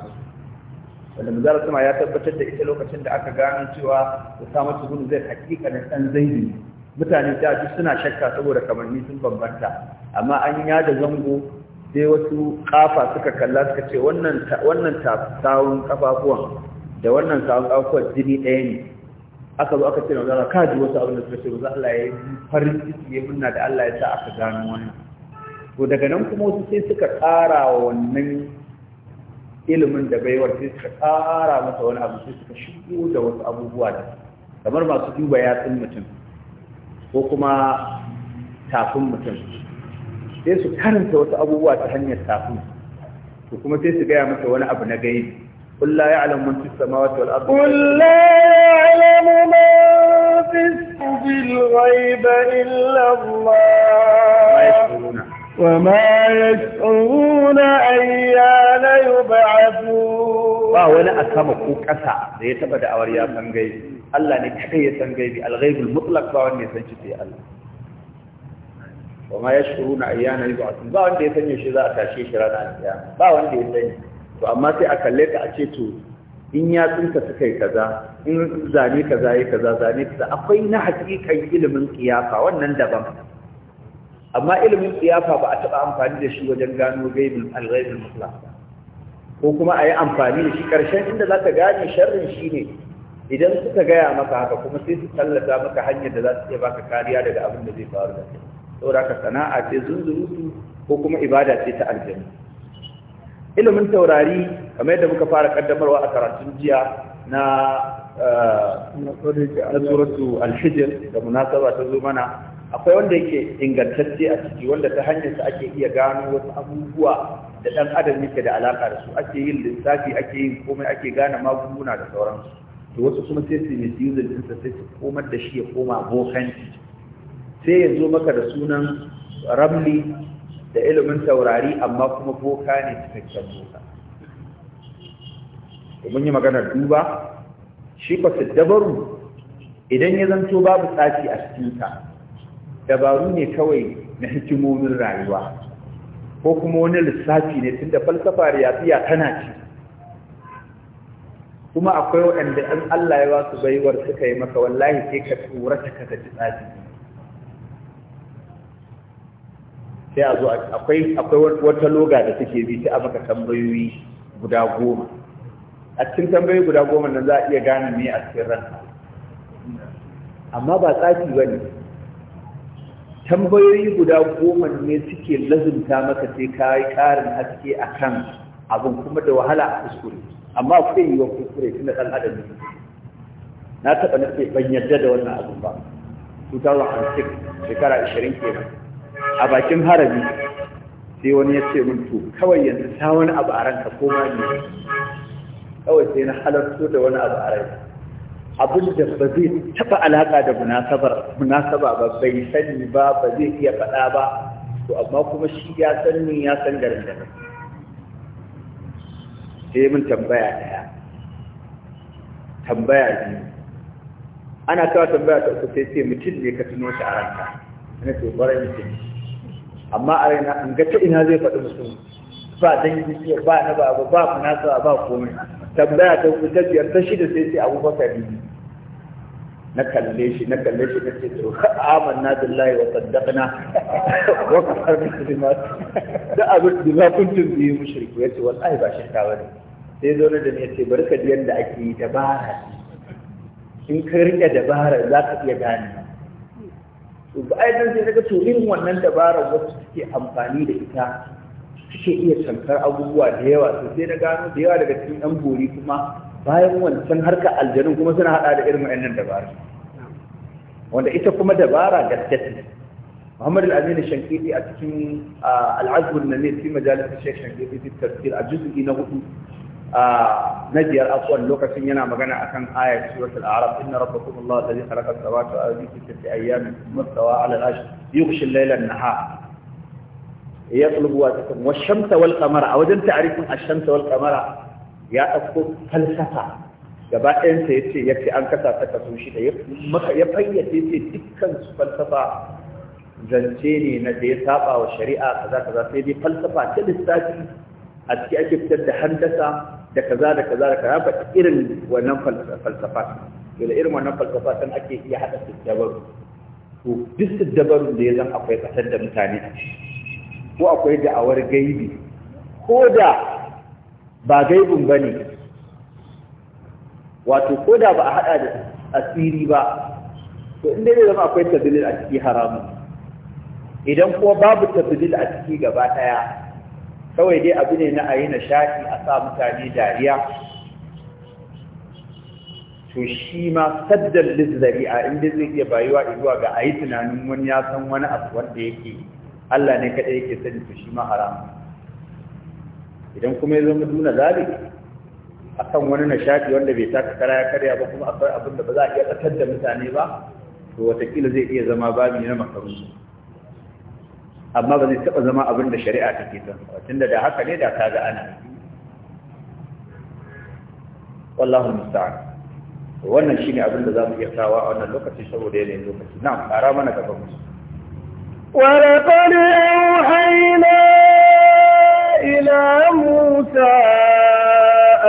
wanda mazara sama ya tabbatar da ita lokacin da aka gano cewa da samun gudu zai hakikanin ɗan zaini mutane da duk suna shakka saboda kamanni sun bambanta amma an ya da zango sai wasu kafa suka kalla suka ce wannan wannan tawun kafafuwan da wannan tsawon kafafuwan jini ɗaya ne aka zo aka ce na zara kaji wasu abin da suka ce wasu Allah ya yi farin ciki ya munna da Allah ya sa aka gano wannan to daga nan kuma wasu sai suka ƙara wa wannan ilimin da baiwar sai suka ƙara masa wani abu sai suka shigo da wasu abubuwa da kamar masu duba yatsun mutum ko kuma tafin mutum sai su karanta wasu abubuwa ta hanyar tafin ko kuma sai su gaya masa wani abu na gaibi قل لا يعلم من في السماوات والأرض قل لا يعلم من في الغيب إلا الله وما يشعرون أيان يبعثون ba wani a sama ko ƙasa da ya taba da awar ya san Allah ne kai ya san gaibi al-ghaibul mutlaq ba wanda ya san shi sai Allah Kuma wa ma yashkuruna ayyana yub'athun ba wanda ya san shi za a tashe shi ranar alkiyama ba wanda ya sani to amma sai a kalle ka a ce to in ya tsinka suka yi kaza in zane kaza yi kaza zane kaza akwai na hakikan ilimin kiyafa wannan daban amma ilimin kiyafa ba a taɓa amfani da shi wajen gano gaibin alghaibin mutlaq ko kuma a yi amfani da shi ƙarshen inda za ka gane sharrin shi ne idan suka gaya maka haka kuma sai su tallata maka hanyar da za su iya baka kariya daga abin da zai faru da kai saboda haka sana'a ce zunzurutu ko kuma ibada ce ta aljanna ilimin taurari kamar yadda muka fara kaddamarwa a karatun jiya na eh, na suratu alhijir da munasaba ta zo mana akwai wanda yake ingantacce a ciki wanda ta hanyar sa ake iya gano wasu abubuwa da dan adam yake da alaka da su ake yin lissafi ake yin komai ake gane magunguna da sauransu to wasu kuma sai su ɗinsa sai su komar da shi ya koma bokanci sai ya zo maka da sunan ramli da ilimin taurari amma kuma boka ne cikakken boka mun yi maganar duba shi ba su dabaru idan ya zanto babu tsaki a cikinka dabaru ne kawai na hikimomin rayuwa ko kuma wani lissafi ne tunda falsafa riyafiya tana ci kuma akwai waɗanda an Allah ya ba su baiwar suka yi maka wallahi sai ka tura ka ka ji tsaji sai a zo akwai akwai wata loga da take bi ta a maka tambayoyi guda goma a cikin tambayoyi guda goma nan za a iya gane me a cikin ran amma ba tsaki ba ne tambayoyi guda goma ne suke lazumta maka sai ka yi ƙarin haske a kan abin kuma da wahala a kuskure amma akwai yiwuwar kuskure tun da ɗan adam na taɓa na ce ban yarda da wannan abin ba 2006 shekara 20 kenan a bakin harabi sai wani ya ce min to kawai yanzu ta wani abu a ranka ko ma ne kawai sai na halarto da wani abu a ranka abin da ba zai taɓa alaƙa da munasaba ba bai sani ba ba zai iya faɗa ba to amma kuma shi ya san ni ya san garin da sai mun tambaya daya tambaya biyu ana kawo tambaya ta uku sai ce mutum ne ka tuno shi a ranka na ce ƙwarar mutum amma a raina in ga ta ina zai faɗi mutum ba dangi ba na ba ba munasaba ba komai tambaya ta uku ta biyar ta shida sai ce abubakar ne na kalle shi na kalle shi na ce to amanna billahi wa saddaqna wa kafarna bima da abin da kuntum bi mushriku yace wallahi ba shi ta bane sai zo da ya ce bari ka biyan da ake yi dabara in ka riƙe dabara za ka iya gane to ba ai dan sai daga to irin wannan dabara wasu suke amfani da ita suke iya tankar abubuwa da yawa to sai na gano da yawa daga cikin yan bori kuma bayan wancan harka aljanun kuma suna hada da irin wa'annan dabara wanda ita kuma dabara gaskiya محمد الأمين الشنكيبي أتكين العزو النمير في مجالس الشيخ شنكيبي في التفسير الجزء إنه na biyar afwan lokacin yana magana akan ayat suratul a'raf inna rabbakum allah alladhi khalaqa as-samawati wal arda fi sittati ayamin thumma istawa 'ala al-'arsh yughshi al-layla an-nahar yatlubu wajhakum wash-shamsa wal a wajen ta'rifin ash-shamsa wal ya dauko falsafa gaba ɗayan sa yace yace an kasa ta kaso shi da ya fayyace yace dukkan su falsafa zance ne na da ya saba wa shari'a kaza kaza sai dai falsafa ta lissafi a ciki ake fitar da handasa da kaza da kaza da kaza ba irin wannan falsafa to da irin wannan falsafa san ake iya hada su dabaru to duk dabarun da ya zan akwai kasar da mutane ko akwai da'awar gaibi ko da ba gaibin ba ne wato ko da ba a hada da asiri ba to inda ne zama akwai tabbilin a ciki haramun idan kuma babu tabbilin a ciki gaba daya kawai dai abu ne na a yi nishaɗi a sa mutane dariya to shi ma saddar lizzari a inda zai iya bayuwa zuwa ga a yi tunanin wani ya san wani abu wanda yake Allah ne kaɗai yake sani to shi ma haram idan kuma ya zama duna zalik akan wani nishaɗi wanda bai taka kara ya karya ba kuma akwai abin da ba za a iya tsatar da mutane ba to watakila zai iya zama babi na makarunsu amma ba zai taba zama abin da shari'a take son tunda da haka ne da ta ga ana wallahu musta'an wannan shine abin da zamu iya kawo a wannan lokaci saboda yayin lokaci na fara mana gaba musu ولقد أوحينا إلى موسى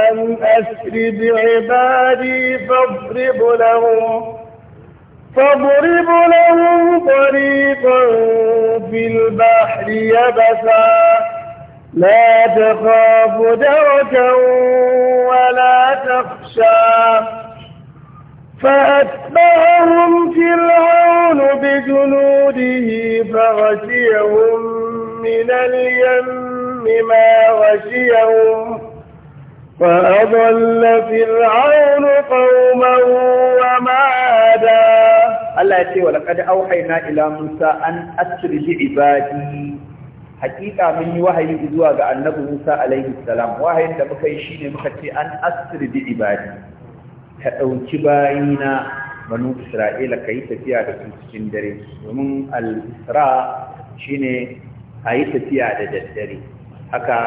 أن أسر بعبادي فاضرب لهم فاضرب لهم طريقا في البحر يبسا لا تخاف دركا ولا تخشى فأتبعهم فرعون بجنوده فغشيهم من اليم ما غشيهم فأضل فرعون قومه وما هداه Allah ya ce wa laqad auhayna ila Musa an asri ibadi hakika mun yi wahayi zuwa ga annabi Musa alaihi salam wahayin da muka yi shine muka ce an asri bi ibadi ka dauki bayina banu Isra'ila ka yi tafiya da su cikin dare domin al-Isra shine a yi tafiya da daddare haka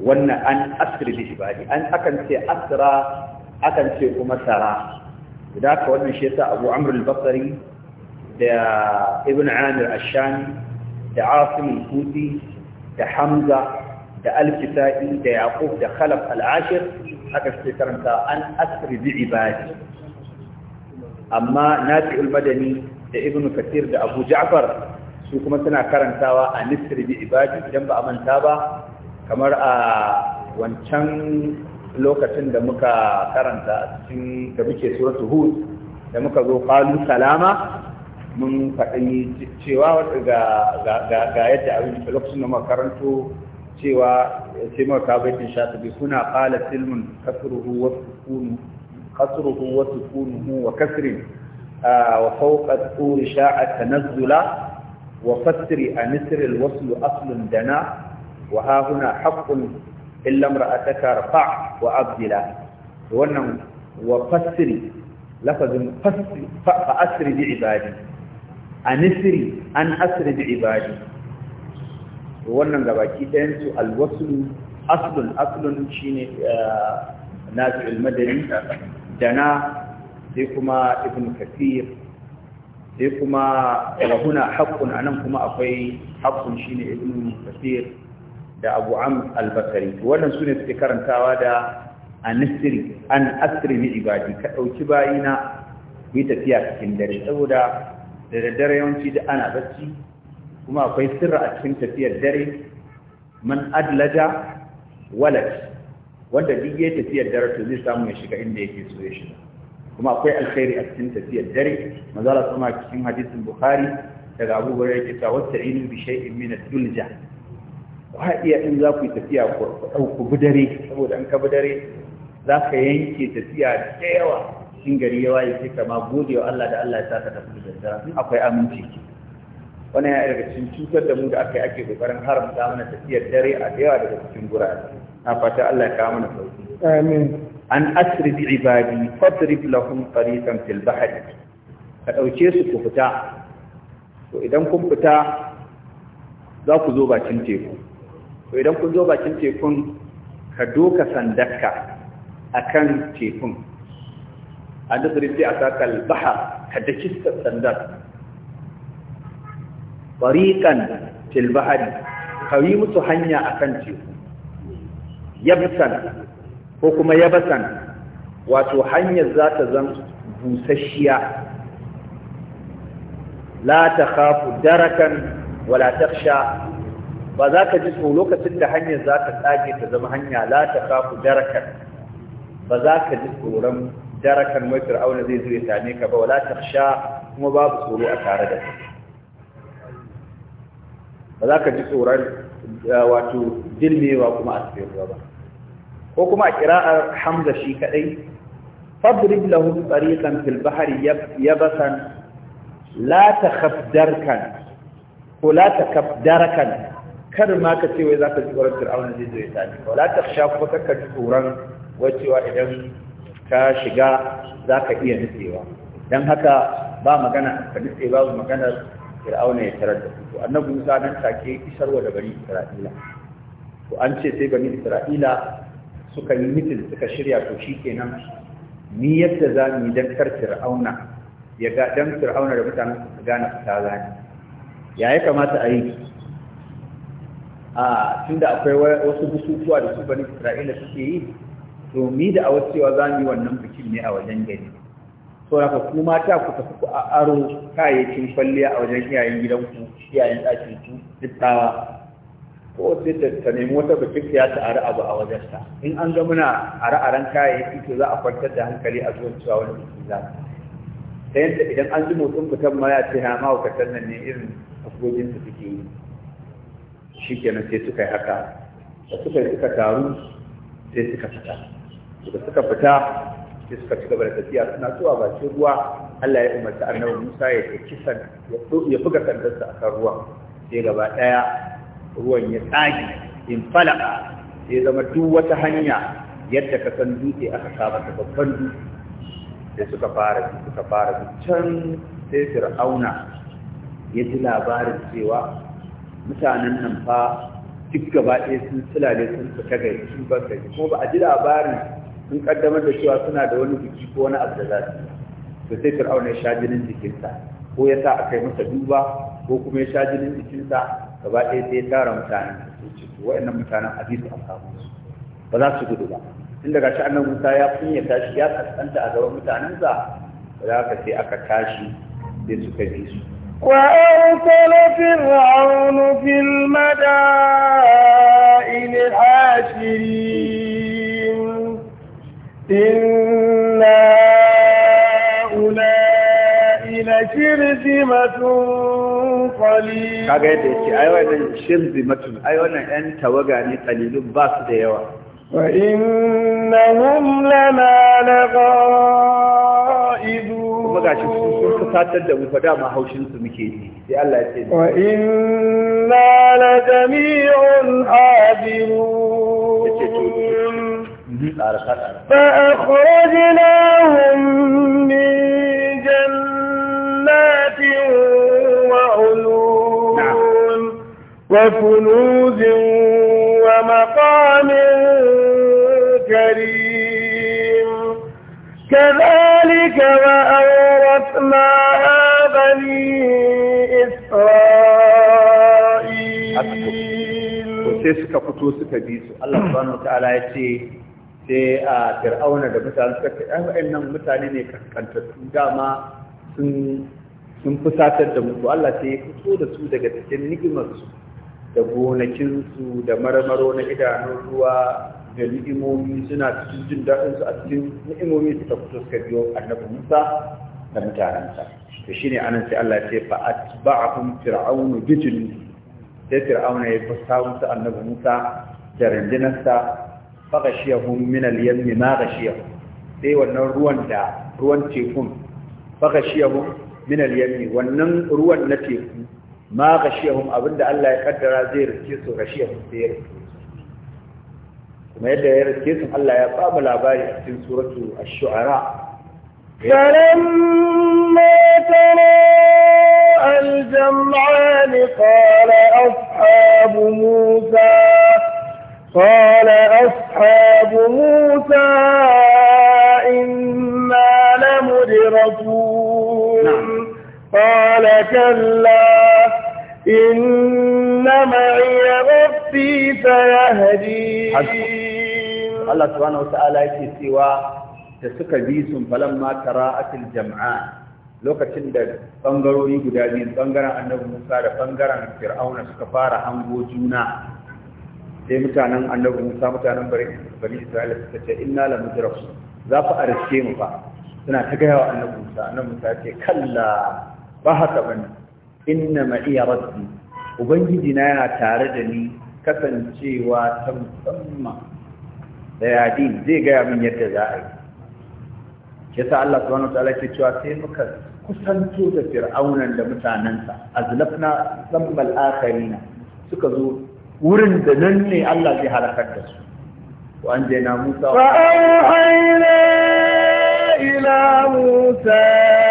wannan an asri bi ibadi an akan ce asira, akan ce kuma sara da haka wannan shi yasa Abu Amr al-Basri da Ibn Amir ash-Shami da Asim al-Kuti da Hamza da Al-Kisa'i da Yaqub da Khalaf al-Ashir haka suke karanta an asri bi ibadi amma Nafi'ul Madani da Ibn Kathir da Abu Ja'far su kuma suna karantawa a nisri bi ibadi idan ba a manta ba kamar a wancan lokacin da muka karanta a cikin da muke suratul hud da muka zo qalu salama mun faɗi cewa ga ga ga yadda abin lokacin da muka karanto cewa sai muka kawo baitin shatibi kuna qala silmun kasruhu wa sukunu kasruhu wa sukunuhu wa kasrin wa fawqa turi sha'a tanazzula وفسر أنسر الوصل أصل دنا وها هنا حق illa imra'ataka rafa wa abdila wannan wa fasri lafazin fasri fa asri bi ibadi an an asri bi ibadi wannan gabaki ɗayan su alwaslu aslun aslun shine nafi almadani dana sai kuma ibn kathir sai kuma rahuna haqqun anan kuma akwai haqqun shine ibn kathir da abu am albasari wannan su ne suke karantawa da anasiri an asiri ni ibadi ka ɗauki bayina ku yi tafiya cikin dare saboda da daddare yawanci da ana bacci kuma akwai sirra a cikin tafiyar dare man adlaja walat wanda duk ya tafiyar dare to zai samu ya shiga inda yake so ya shiga kuma akwai alkhairi a cikin tafiyar dare manzala kuma cikin hadisin bukhari daga ya ke ta, cewa wasta'inu bi shay'in min ad-dulja ba iya in za ku yi tafiya ku ɗauku budare saboda an ka budare za ka yanke tafiya da yawa in gari yawa ya ce kama gode wa Allah da Allah ya saka tafi da daddara in akwai aminci wani ya daga cikin cutar da mu da aka yi ake kokarin haramta mana tafiyar dare a da yawa daga cikin gurare na fata Allah ya kawo mana sauki amin an asri bi ibadi fadrib lahum tariqan fil bahri ka dauke su ku fita to idan kun fita za ku zo bakin teku to idan kun zo bakin tekun ka doka sandarka akan tekun an sai a sakal baha ka daki sandar bariƙan tilbahari ka yi musu hanya akan teku yabsan ko kuma yabasan wato hanyar za ta zan busasshiya la ta khafu darakan wala taksha ba za ka ji tsoro lokacin da hanyar za ta tsage ta zama hanya la ta kafu darakan ba za ka ji tsoron darakan wai fir'auna zai zo ya ka ba wala takhsha kuma babu tsoro a tare da kai ba za ka ji tsoron eh, wato dilmewa kuma a cikin ruwa ba ko kuma a kira'ar hamza shi kadai fadrib lahum tariqan fil bahri yabasan la takhaf darkan ko la takaf darakan kar ma ka ce wai za ka ji tsoron fir'auna zai zo ya sami ka ta takhsha kuma kakka ji tsoron wacewa idan ka shiga za ka iya nutsewa don haka ba magana ka nutse babu magana fir'auna ya tarar da su annabi musa nan take isarwa da bani isra'ila to an ce sai bani isra'ila suka yi mitin suka shirya to shikenan ni yadda za mu yi don kar fir'auna ya ga dan fir'auna da mutanen su gane fita zani ya ya kamata a yi a tunda akwai wasu busutuwa da su bani isra'ila suke yi to mi da awar cewa za mu yi wannan bikin ne a wajen gari so haka ku mata ku tafi ku aro kayayyakin kwalliya a wajen iyayen gidanku iyayen ɗakin ku dattawa ko sai ta, ta nemi wata bikin ya ta ara abu a wajen ta in an ga muna ara-aran kayayyaki to za a kwantar da hankali a zuwan cewa wani biki za ta ta idan an ji motsin fitan ma ya ce ha ma nan ne irin akwai jinsu suke yi shi kenan sai suka yi haka da suka yi suka taru sai suka fita da suka fita sai suka ci gaba da tafiya suna zuwa bakin ruwa Allah ya umarta annabi Musa ya ɗauki ya buga sandarsa a kan ruwan sai gaba ɗaya ruwan ya tsage in fala. sai zama duk wata hanya yadda ka san dutse aka saba ta babban dutse sai suka fara suka fara can sai fir'auna ya ji labarin cewa mutanen nan fa duk gaba ɗaya sun silale sun fita ga sun bar gari kuma ba a ji labarin sun kaddamar da cewa suna da wani biki ko wani abu da za su yi to sai fir'auna ya sha jinin jikinsa ko ya sa a kai masa duba ko kuma ya sha jinin jikinsa gaba ɗaya sai ya tara mutanen da su ce to wa'annan mutanen a su amfani su ba za su gudu ba tun daga shi annan Musa ya kunya tashi ya kaskanta a gaban mutanensa ba za ka sai aka tashi sai suka bi su وأرسل فرعون في المدائن حاشرين إن هؤلاء لشرذمة قليل kaga yadda yake ai wannan shirzimatun ai wannan yan tawaga ne kalilun ba su da yawa wa innahum lana kuma gashi su sun fusatar da mu fa dama haushin su muke ji sai Allah ya ce wa inna la jami'un hadirun yace to fa akhrajnahum min jannatin wa ulun wa kunuzin wa maqamin كذلك وأورثنا بني إسرائيل sai suka fito suka bi Allah ya ce sai a fir'auna da mutane suka ce ai nan mutane ne kaskantattu dama sun fusatar da mutu Allah sai ya fito da su daga cikin nigimarsu da gonakinsu da marmaro na idanun ruwa da ni'imomi suna cikin jin daɗin su a cikin ni'imomi suka fito suka biyo annabi Musa da mutanensa to shine anan sai Allah ya ce fa atba'ahum fir'aunu bijil sai fir'auna ya fasa musu annabi Musa da rindinarsa fa gashiyahum min al-yammi ma gashiyahum sai wannan ruwan da ruwan tekun fa gashiyahum min al-yammi wannan ruwan na teku ma gashiyahum abinda Allah ya kaddara zai rike su gashiyahum sai ya rike kuma yadda ya rike su Allah ya ba labari a cikin suratu ash-shu'ara فلما ترى الجمعان قال أصحاب موسى قال أصحاب موسى إنا لمدركون نعم. قال كلا إن معي ربي سيهدين الله سبحانه وتعالى يكي سوى تسك بيسم فلما تراءت الجمعان lokacin da ɓangarori guda biyu ɓangaren annabi musa da ɓangaren fir'auna suka fara hango juna sai mutanen annabi musa mutanen bari isra'ila suka ce inna la mujrafu za fa mu fa suna ta gaya wa annabi musa annabi musa ce kalla ba haka bane inna ma'iya rabbi ubangiji na yana tare da ni kasancewa ta musamman da yadi zai gaya min yadda za a yi sa Allah subhanahu wa ta'ala ke cewa sai muka kusanto da fir'aunan da mutanensa azlafna zambal akharina suka zo wurin da nan ne Allah zai halakar da su wa an na Musa wa ila Musa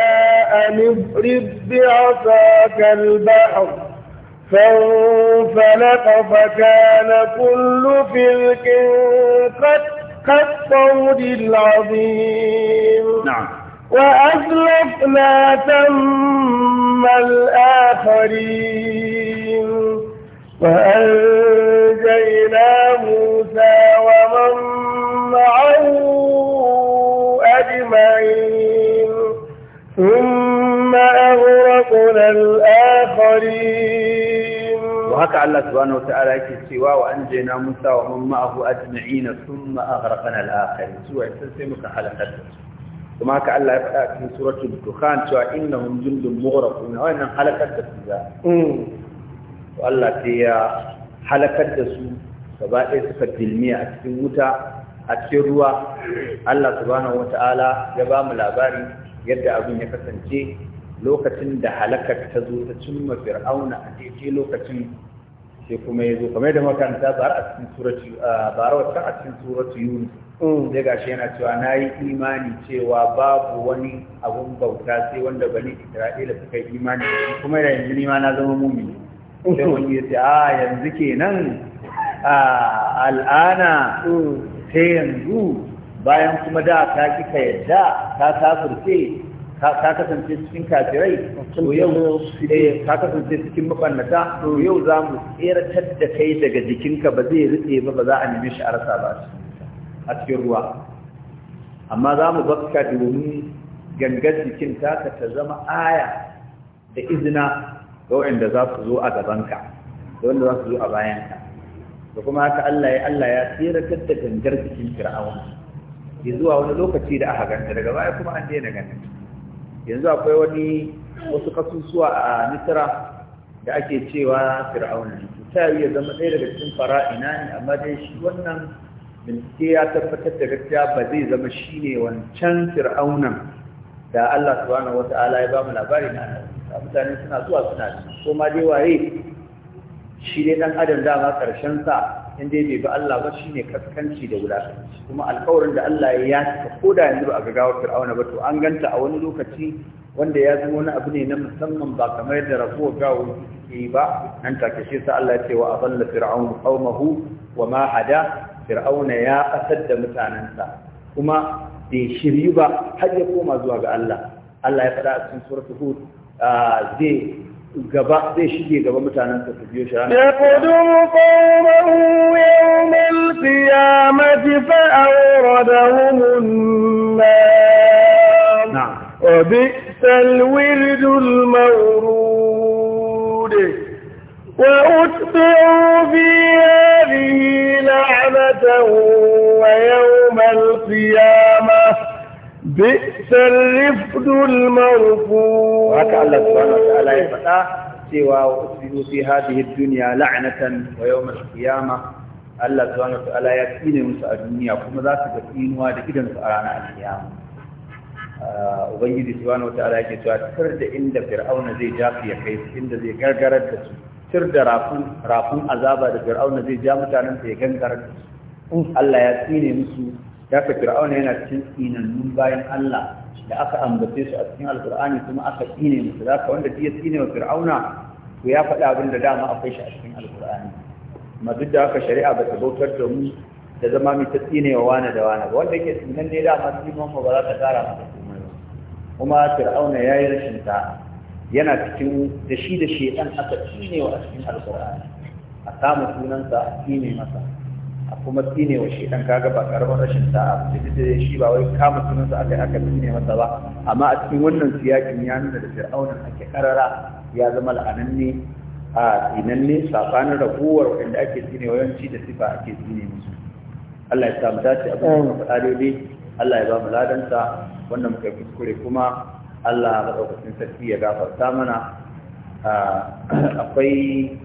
أن اضرب بعصاك البحر فانفلق فكان كل قد كالطود العظيم نعم وأزلفنا ثم الآخرين وأنجينا موسى ومن معه أجمعين ثم أغرقنا الآخرين وهكا الله سبحانه وتعالى كسوا وأنجينا موسى ومن معه أجمعين ثم أغرقنا الآخرين سوى تسمك حلقة ثم هكا الله يفعل في سورة الدخان سوى إنهم جند مغرقون وإنهم حلقة تسلا والله تيا حلقة تسو فبقى سفة المية أكتموتا أكتروا الله سبحانه وتعالى يبام الأباري yadda abin ya kasance lokacin da halakar ta zo ta cimma fir'auna a daidai lokacin sai kuma ya zo kamar da makaranta ba a cikin suratu bara wata a cikin suratu yunus mm. sai gashi yana cewa na yi imani cewa babu wani abun bauta sai wanda bani isra'ila suka yi imani kuma yana yanzu nima na zama mumini sai wani mm. ya ce a ah, yanzu kenan a al'ana mm. sai yanzu bayan kuma da ka kika yadda ka kafirce ka kasance cikin kafirai to yau eh, ka kasance cikin mabannata to yau za mu tseratar da kai daga jikinka ba zai rike ba ba za a neme shi a rasa ba a cikin ruwa amma za mu baka domin gangar jikin ka ta zama aya da izina ga wanda za su zo a gabanka da wanda za su zo a bayanka da kuma haka Allah ya Allah ya tseratar da gangar jikin fir'auna Yanzu zuwa wani lokaci da aka ganta daga baya kuma an daina ganin yanzu akwai wani wasu kasusuwa a misira da ake cewa fir'auna ne ta iya zama ɗaya daga cikin fara'ina ne amma dai shi wannan bincike ya tabbatar da gaskiya ba zai zama shi ne wancan fir'aunan da Allah subhanahu ta'ala ya ba mu labari na annabi mutane suna zuwa suna ko ma dai waye shi dai dan adam dama karshen sa in dai bai bi Allah ba ne kaskanci da wulakanci kuma alƙawarin da Allah ya yi ko da yanzu ba a ga gawar Fir'auna ba to an ganta a wani lokaci wanda ya zama wani abu ne na musamman ba kamar yadda rago gawo ke yi ba nan take shi sa Allah ya ce wa adalla fir'aun qaumahu wa ma hada fir'auna ya asad da mutanansa kuma bai shiryu ba har ya koma zuwa ga Allah Allah ya faɗa a cikin suratul hud ah, zai gaba zai shige gaba mutanen sa su biyo shi ranar ya kudum qawmahu yawm al-qiyamati fa awradahum an-nar wa bi'sa al-wird al-mawrud wa utbi'u fi hadhihi la'natan wa yawm al-qiyamah بئس الرفد المرفوض هكا الله سبحانه وتعالى يفتح سوى وأسلم في هذه الدنيا لعنة ويوم القيامة الله سبحانه وتعالى يكين ga الدنيا da ذات su a إذا سأرانا القيامة Ubangiji subhanahu wa ta'ala yake cewa tar da inda Fir'auna zai jafi ya kai inda zai gargarar da su tir da rafun rafin azaba da Fir'auna zai ja mutanen sa ya gangarar da su Allah ya tsine musu ya ka fir'auna yana cikin tsinannun bayan Allah da aka ambace su a cikin alkur'ani kuma aka tsine musu da wanda ya tsine wa fir'auna to ya faɗa abin da dama akwai shi a cikin alkur'ani amma duk da haka shari'a ba ta bautar da mu da zama mai ta tsine wa wani da wani wanda yake tsinan ne dama tsinon ba za ta kara masa komai ba kuma fir'auna ya yi rashin ta yana cikin da shi da aka tsine wa a cikin alkur'ani a samu sunansa a tsine masa kuma tsine wa shi ɗan kaga ba ƙaramin rashin sa'a duk da shi ba wai kama sunansa aka aka tsine masa ba amma a cikin wannan siyakin ya nuna da fir'aunan ake karara ya zama la'ananne a tsinanne saɓanin raguwar waɗanda ake tsine wa yawanci da sifa ake tsine musu Allah ya samu dace a da muka Allah ya ba mu ladansa wanda muka yi kuskure kuma Allah ya ɗaukacin sarki ya gafarta mana akwai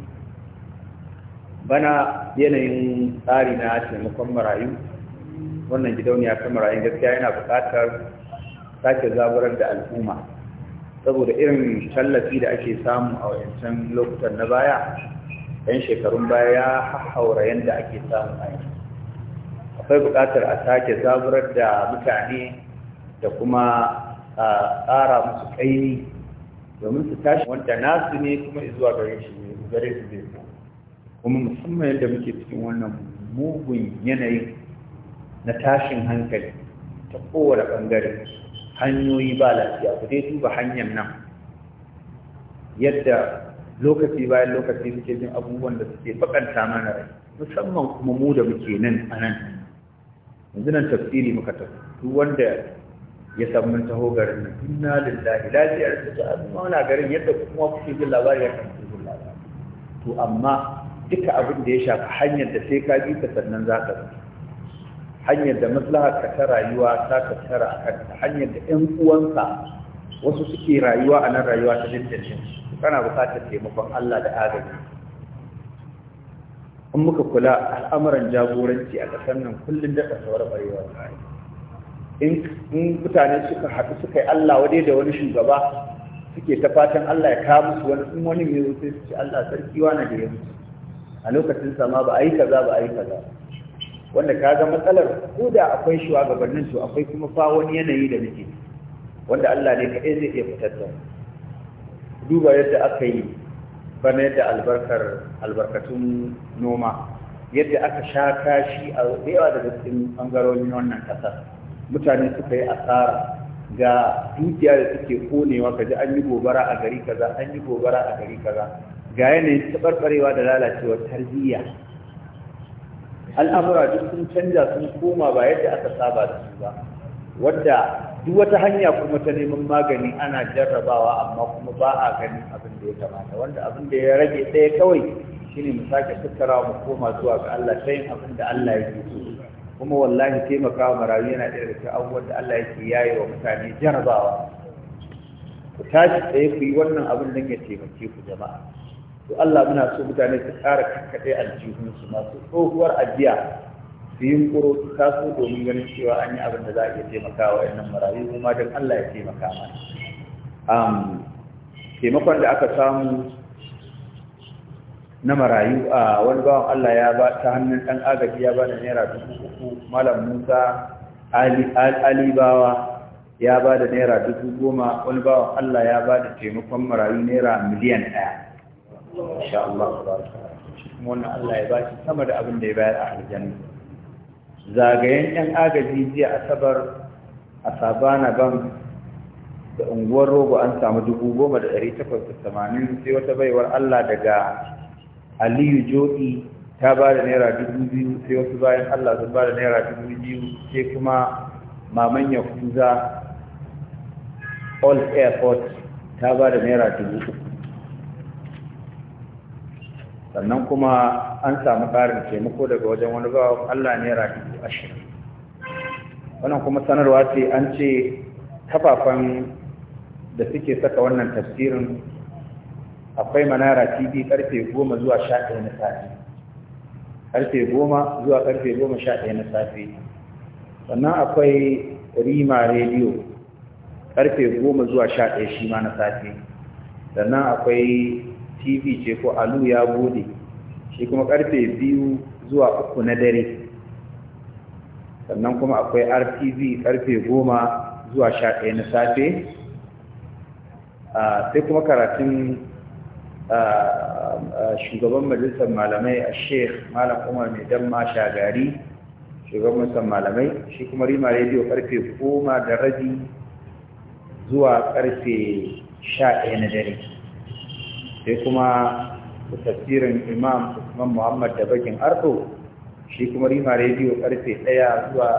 bana yanayin tsari na taimakon marayu wannan gidauniya ta marayu gaskiya yana bukatar sake zaburar da al'umma saboda irin tallafi da ake samu a wancan lokutan na baya yan shekarun baya ya haura yadda ake samu a yanzu akwai bukatar a sake zaburar da mutane da kuma a tsara musu kaini domin su tashi wanda nasu ne kuma zuwa gare shi gare su kuma musamman yadda muke cikin wannan mugun yanayin na tashin hankali ta kowane ɓangare hanyoyi ba lafiya ku dai duba hanyar nan yadda lokaci bayan lokaci suke jin abubuwan da suke bakanta mana rai musamman kuma mu da muke nan a nan yanzu nan tafsiri muka tafi duk wanda ya san mun taho garin nan inna lillahi lafiyar ta ta garin yadda kuma kuke jin labari ya kan jin labari to amma duka abin da ya shafi hanyar da sai ka bi ta sannan za ka zo, hanyar da maslaha ka ta rayuwa ta tattara a kanta hanyar da ƴan uwanka wasu suke rayuwa a nan rayuwa ta dindindin kana buƙatar taimakon Allah da agaji in muka kula al'amuran jagoranci a ƙasar nan kullum da tsawar barewa in mutane suka haɗu suka yi Allah wadai da wani shugaba suke ta fatan Allah ya kawo musu wani in wani mai wuce su ce Allah sarki wani da ya mutu a lokacin sama ba a yi kaza ba a yi kaza wanda ka ga matsalar ko da akwai shugabannin su akwai kuma fa wani yanayi da nake wanda Allah ne kaɗai zai iya fitar da duba yadda aka yi bana yadda albarkar albarkatun noma yadda aka sha kashi a yawa daga cikin bangarorin wannan ƙasar mutane suka yi asara ga dukiya da suke konewa kaji an yi gobara a gari kaza an yi gobara a gari kaza ga yanayin taɓarɓarewa da lalacewar tarbiyya al'amura duk sun canja sun koma ba yadda aka saba da su ba wadda duk wata hanya kuma ta neman magani ana jarrabawa amma kuma ba a ganin abin da ya kamata wanda abin da ya rage ɗaya kawai shine mu sake tattara mu koma zuwa ga Allah ta yin abin da Allah yake so kuma wallahi taimakawa marayu yana ɗaya daga abubuwan da Allah yake yaye wa mutane jarrabawa ku tashi tsaye ku yi wannan abin nan ya taimake ku jama'a to Allah muna so mutane su ƙara kakkaɗe aljihunsu masu tsohuwar ajiya su yi kuro su taso domin ganin cewa an yi abin da za a iya taimakawa nan marayu kuma don Allah ya taimaka mana. Taimakon da aka samu na marayu a wani bawan Allah ya ba ta hannun ɗan agaji ya ba da naira dubu uku malam Musa Alibawa ya ba da naira dubu goma wani bawan Allah ya ba da taimakon marayu naira miliyan ɗaya. insha Allah wannan Allah ya ba shi sama da abin da ya bayar a aljanna zagayen yan agaji jiya asabar a sabana ban da unguwar rogo an samu dubu goma da ɗari takwas da tamanin sai wata baiwar Allah daga Aliyu Jo'i ta ba da naira dubu biyu sai wasu bayan Allah sun ba da naira dubu biyu sai kuma maman Yahuza All Airport ta ba da naira dubu uku sannan kuma an samu ƙarin taimako daga wajen wani bawan Allah naira rafi ashirin wannan kuma sanarwa ce an ce kafafen da suke saka wannan tafsirin akwai manara tv karfe goma zuwa sha ɗaya na safe karfe goma zuwa karfe goma sha ɗaya na safe sannan akwai rima rediyo karfe goma zuwa sha ɗaya shi ma na safe sannan akwai tv ce ko alu ya bude shi kuma karfe biyu zuwa uku na dare sannan kuma akwai rtv karfe goma zuwa sha ɗaya na safe ah, sai kuma karatun ah, ah, shugaban majalisar malamai a sheikh malam umar mai damma shagari shugaban majalisar malamai shi kuma rima rediyo karfe goma da rabi zuwa karfe sha ɗaya na dare sai kuma tafsirin imam usman muhammad da bakin arto shi kuma rima rediyo karfe ɗaya zuwa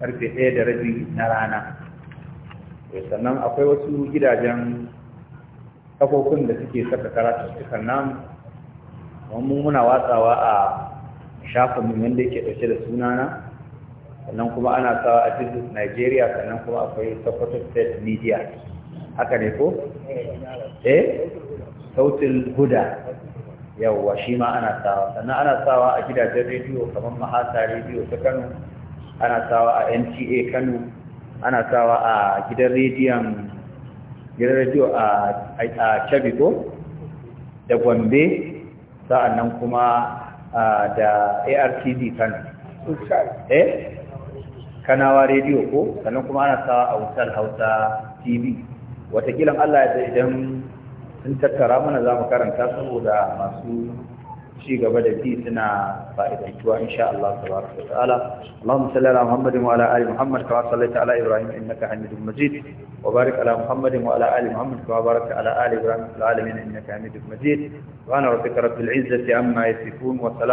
karfe ɗaya da rabi na rana eh, sannan akwai wasu gidajen kafofin da suke saka karatuttukan nan mu muna watsawa a shafinmu wanda yake ɗauke da sunana sannan kuma ana sawa a business nigeria sannan kuma akwai sokoto state media haka ne ko? eh sautin huda yawwa shi ma ana sawa sannan ana sawa a gidajen rediyo kamar mahasa rediyo ta kano ana sawa a nta kano ana sawa a gidan rediyon gidan rediyo a chabiko da gombe sa'annan kuma da artd kano eh kanawa rediyo ko sannan kuma ana sawa a wutar hausa tv watakilan allah da idan sun tattara mana za mu karanta saboda masu ci gaba da bi suna fa'idantuwa insha Allah tabaraka wa ta'ala Allahumma salli ala Muhammadin wa ala ali Muhammad kama sallaita ala Ibrahim innaka Hamidum Majid wa barik ala Muhammadin wa ala ali Muhammad kama barakta ala ali Ibrahim fil alamin innaka Hamidum Majid wa ana rabbika rabbil izzati amma yasifun wa salam.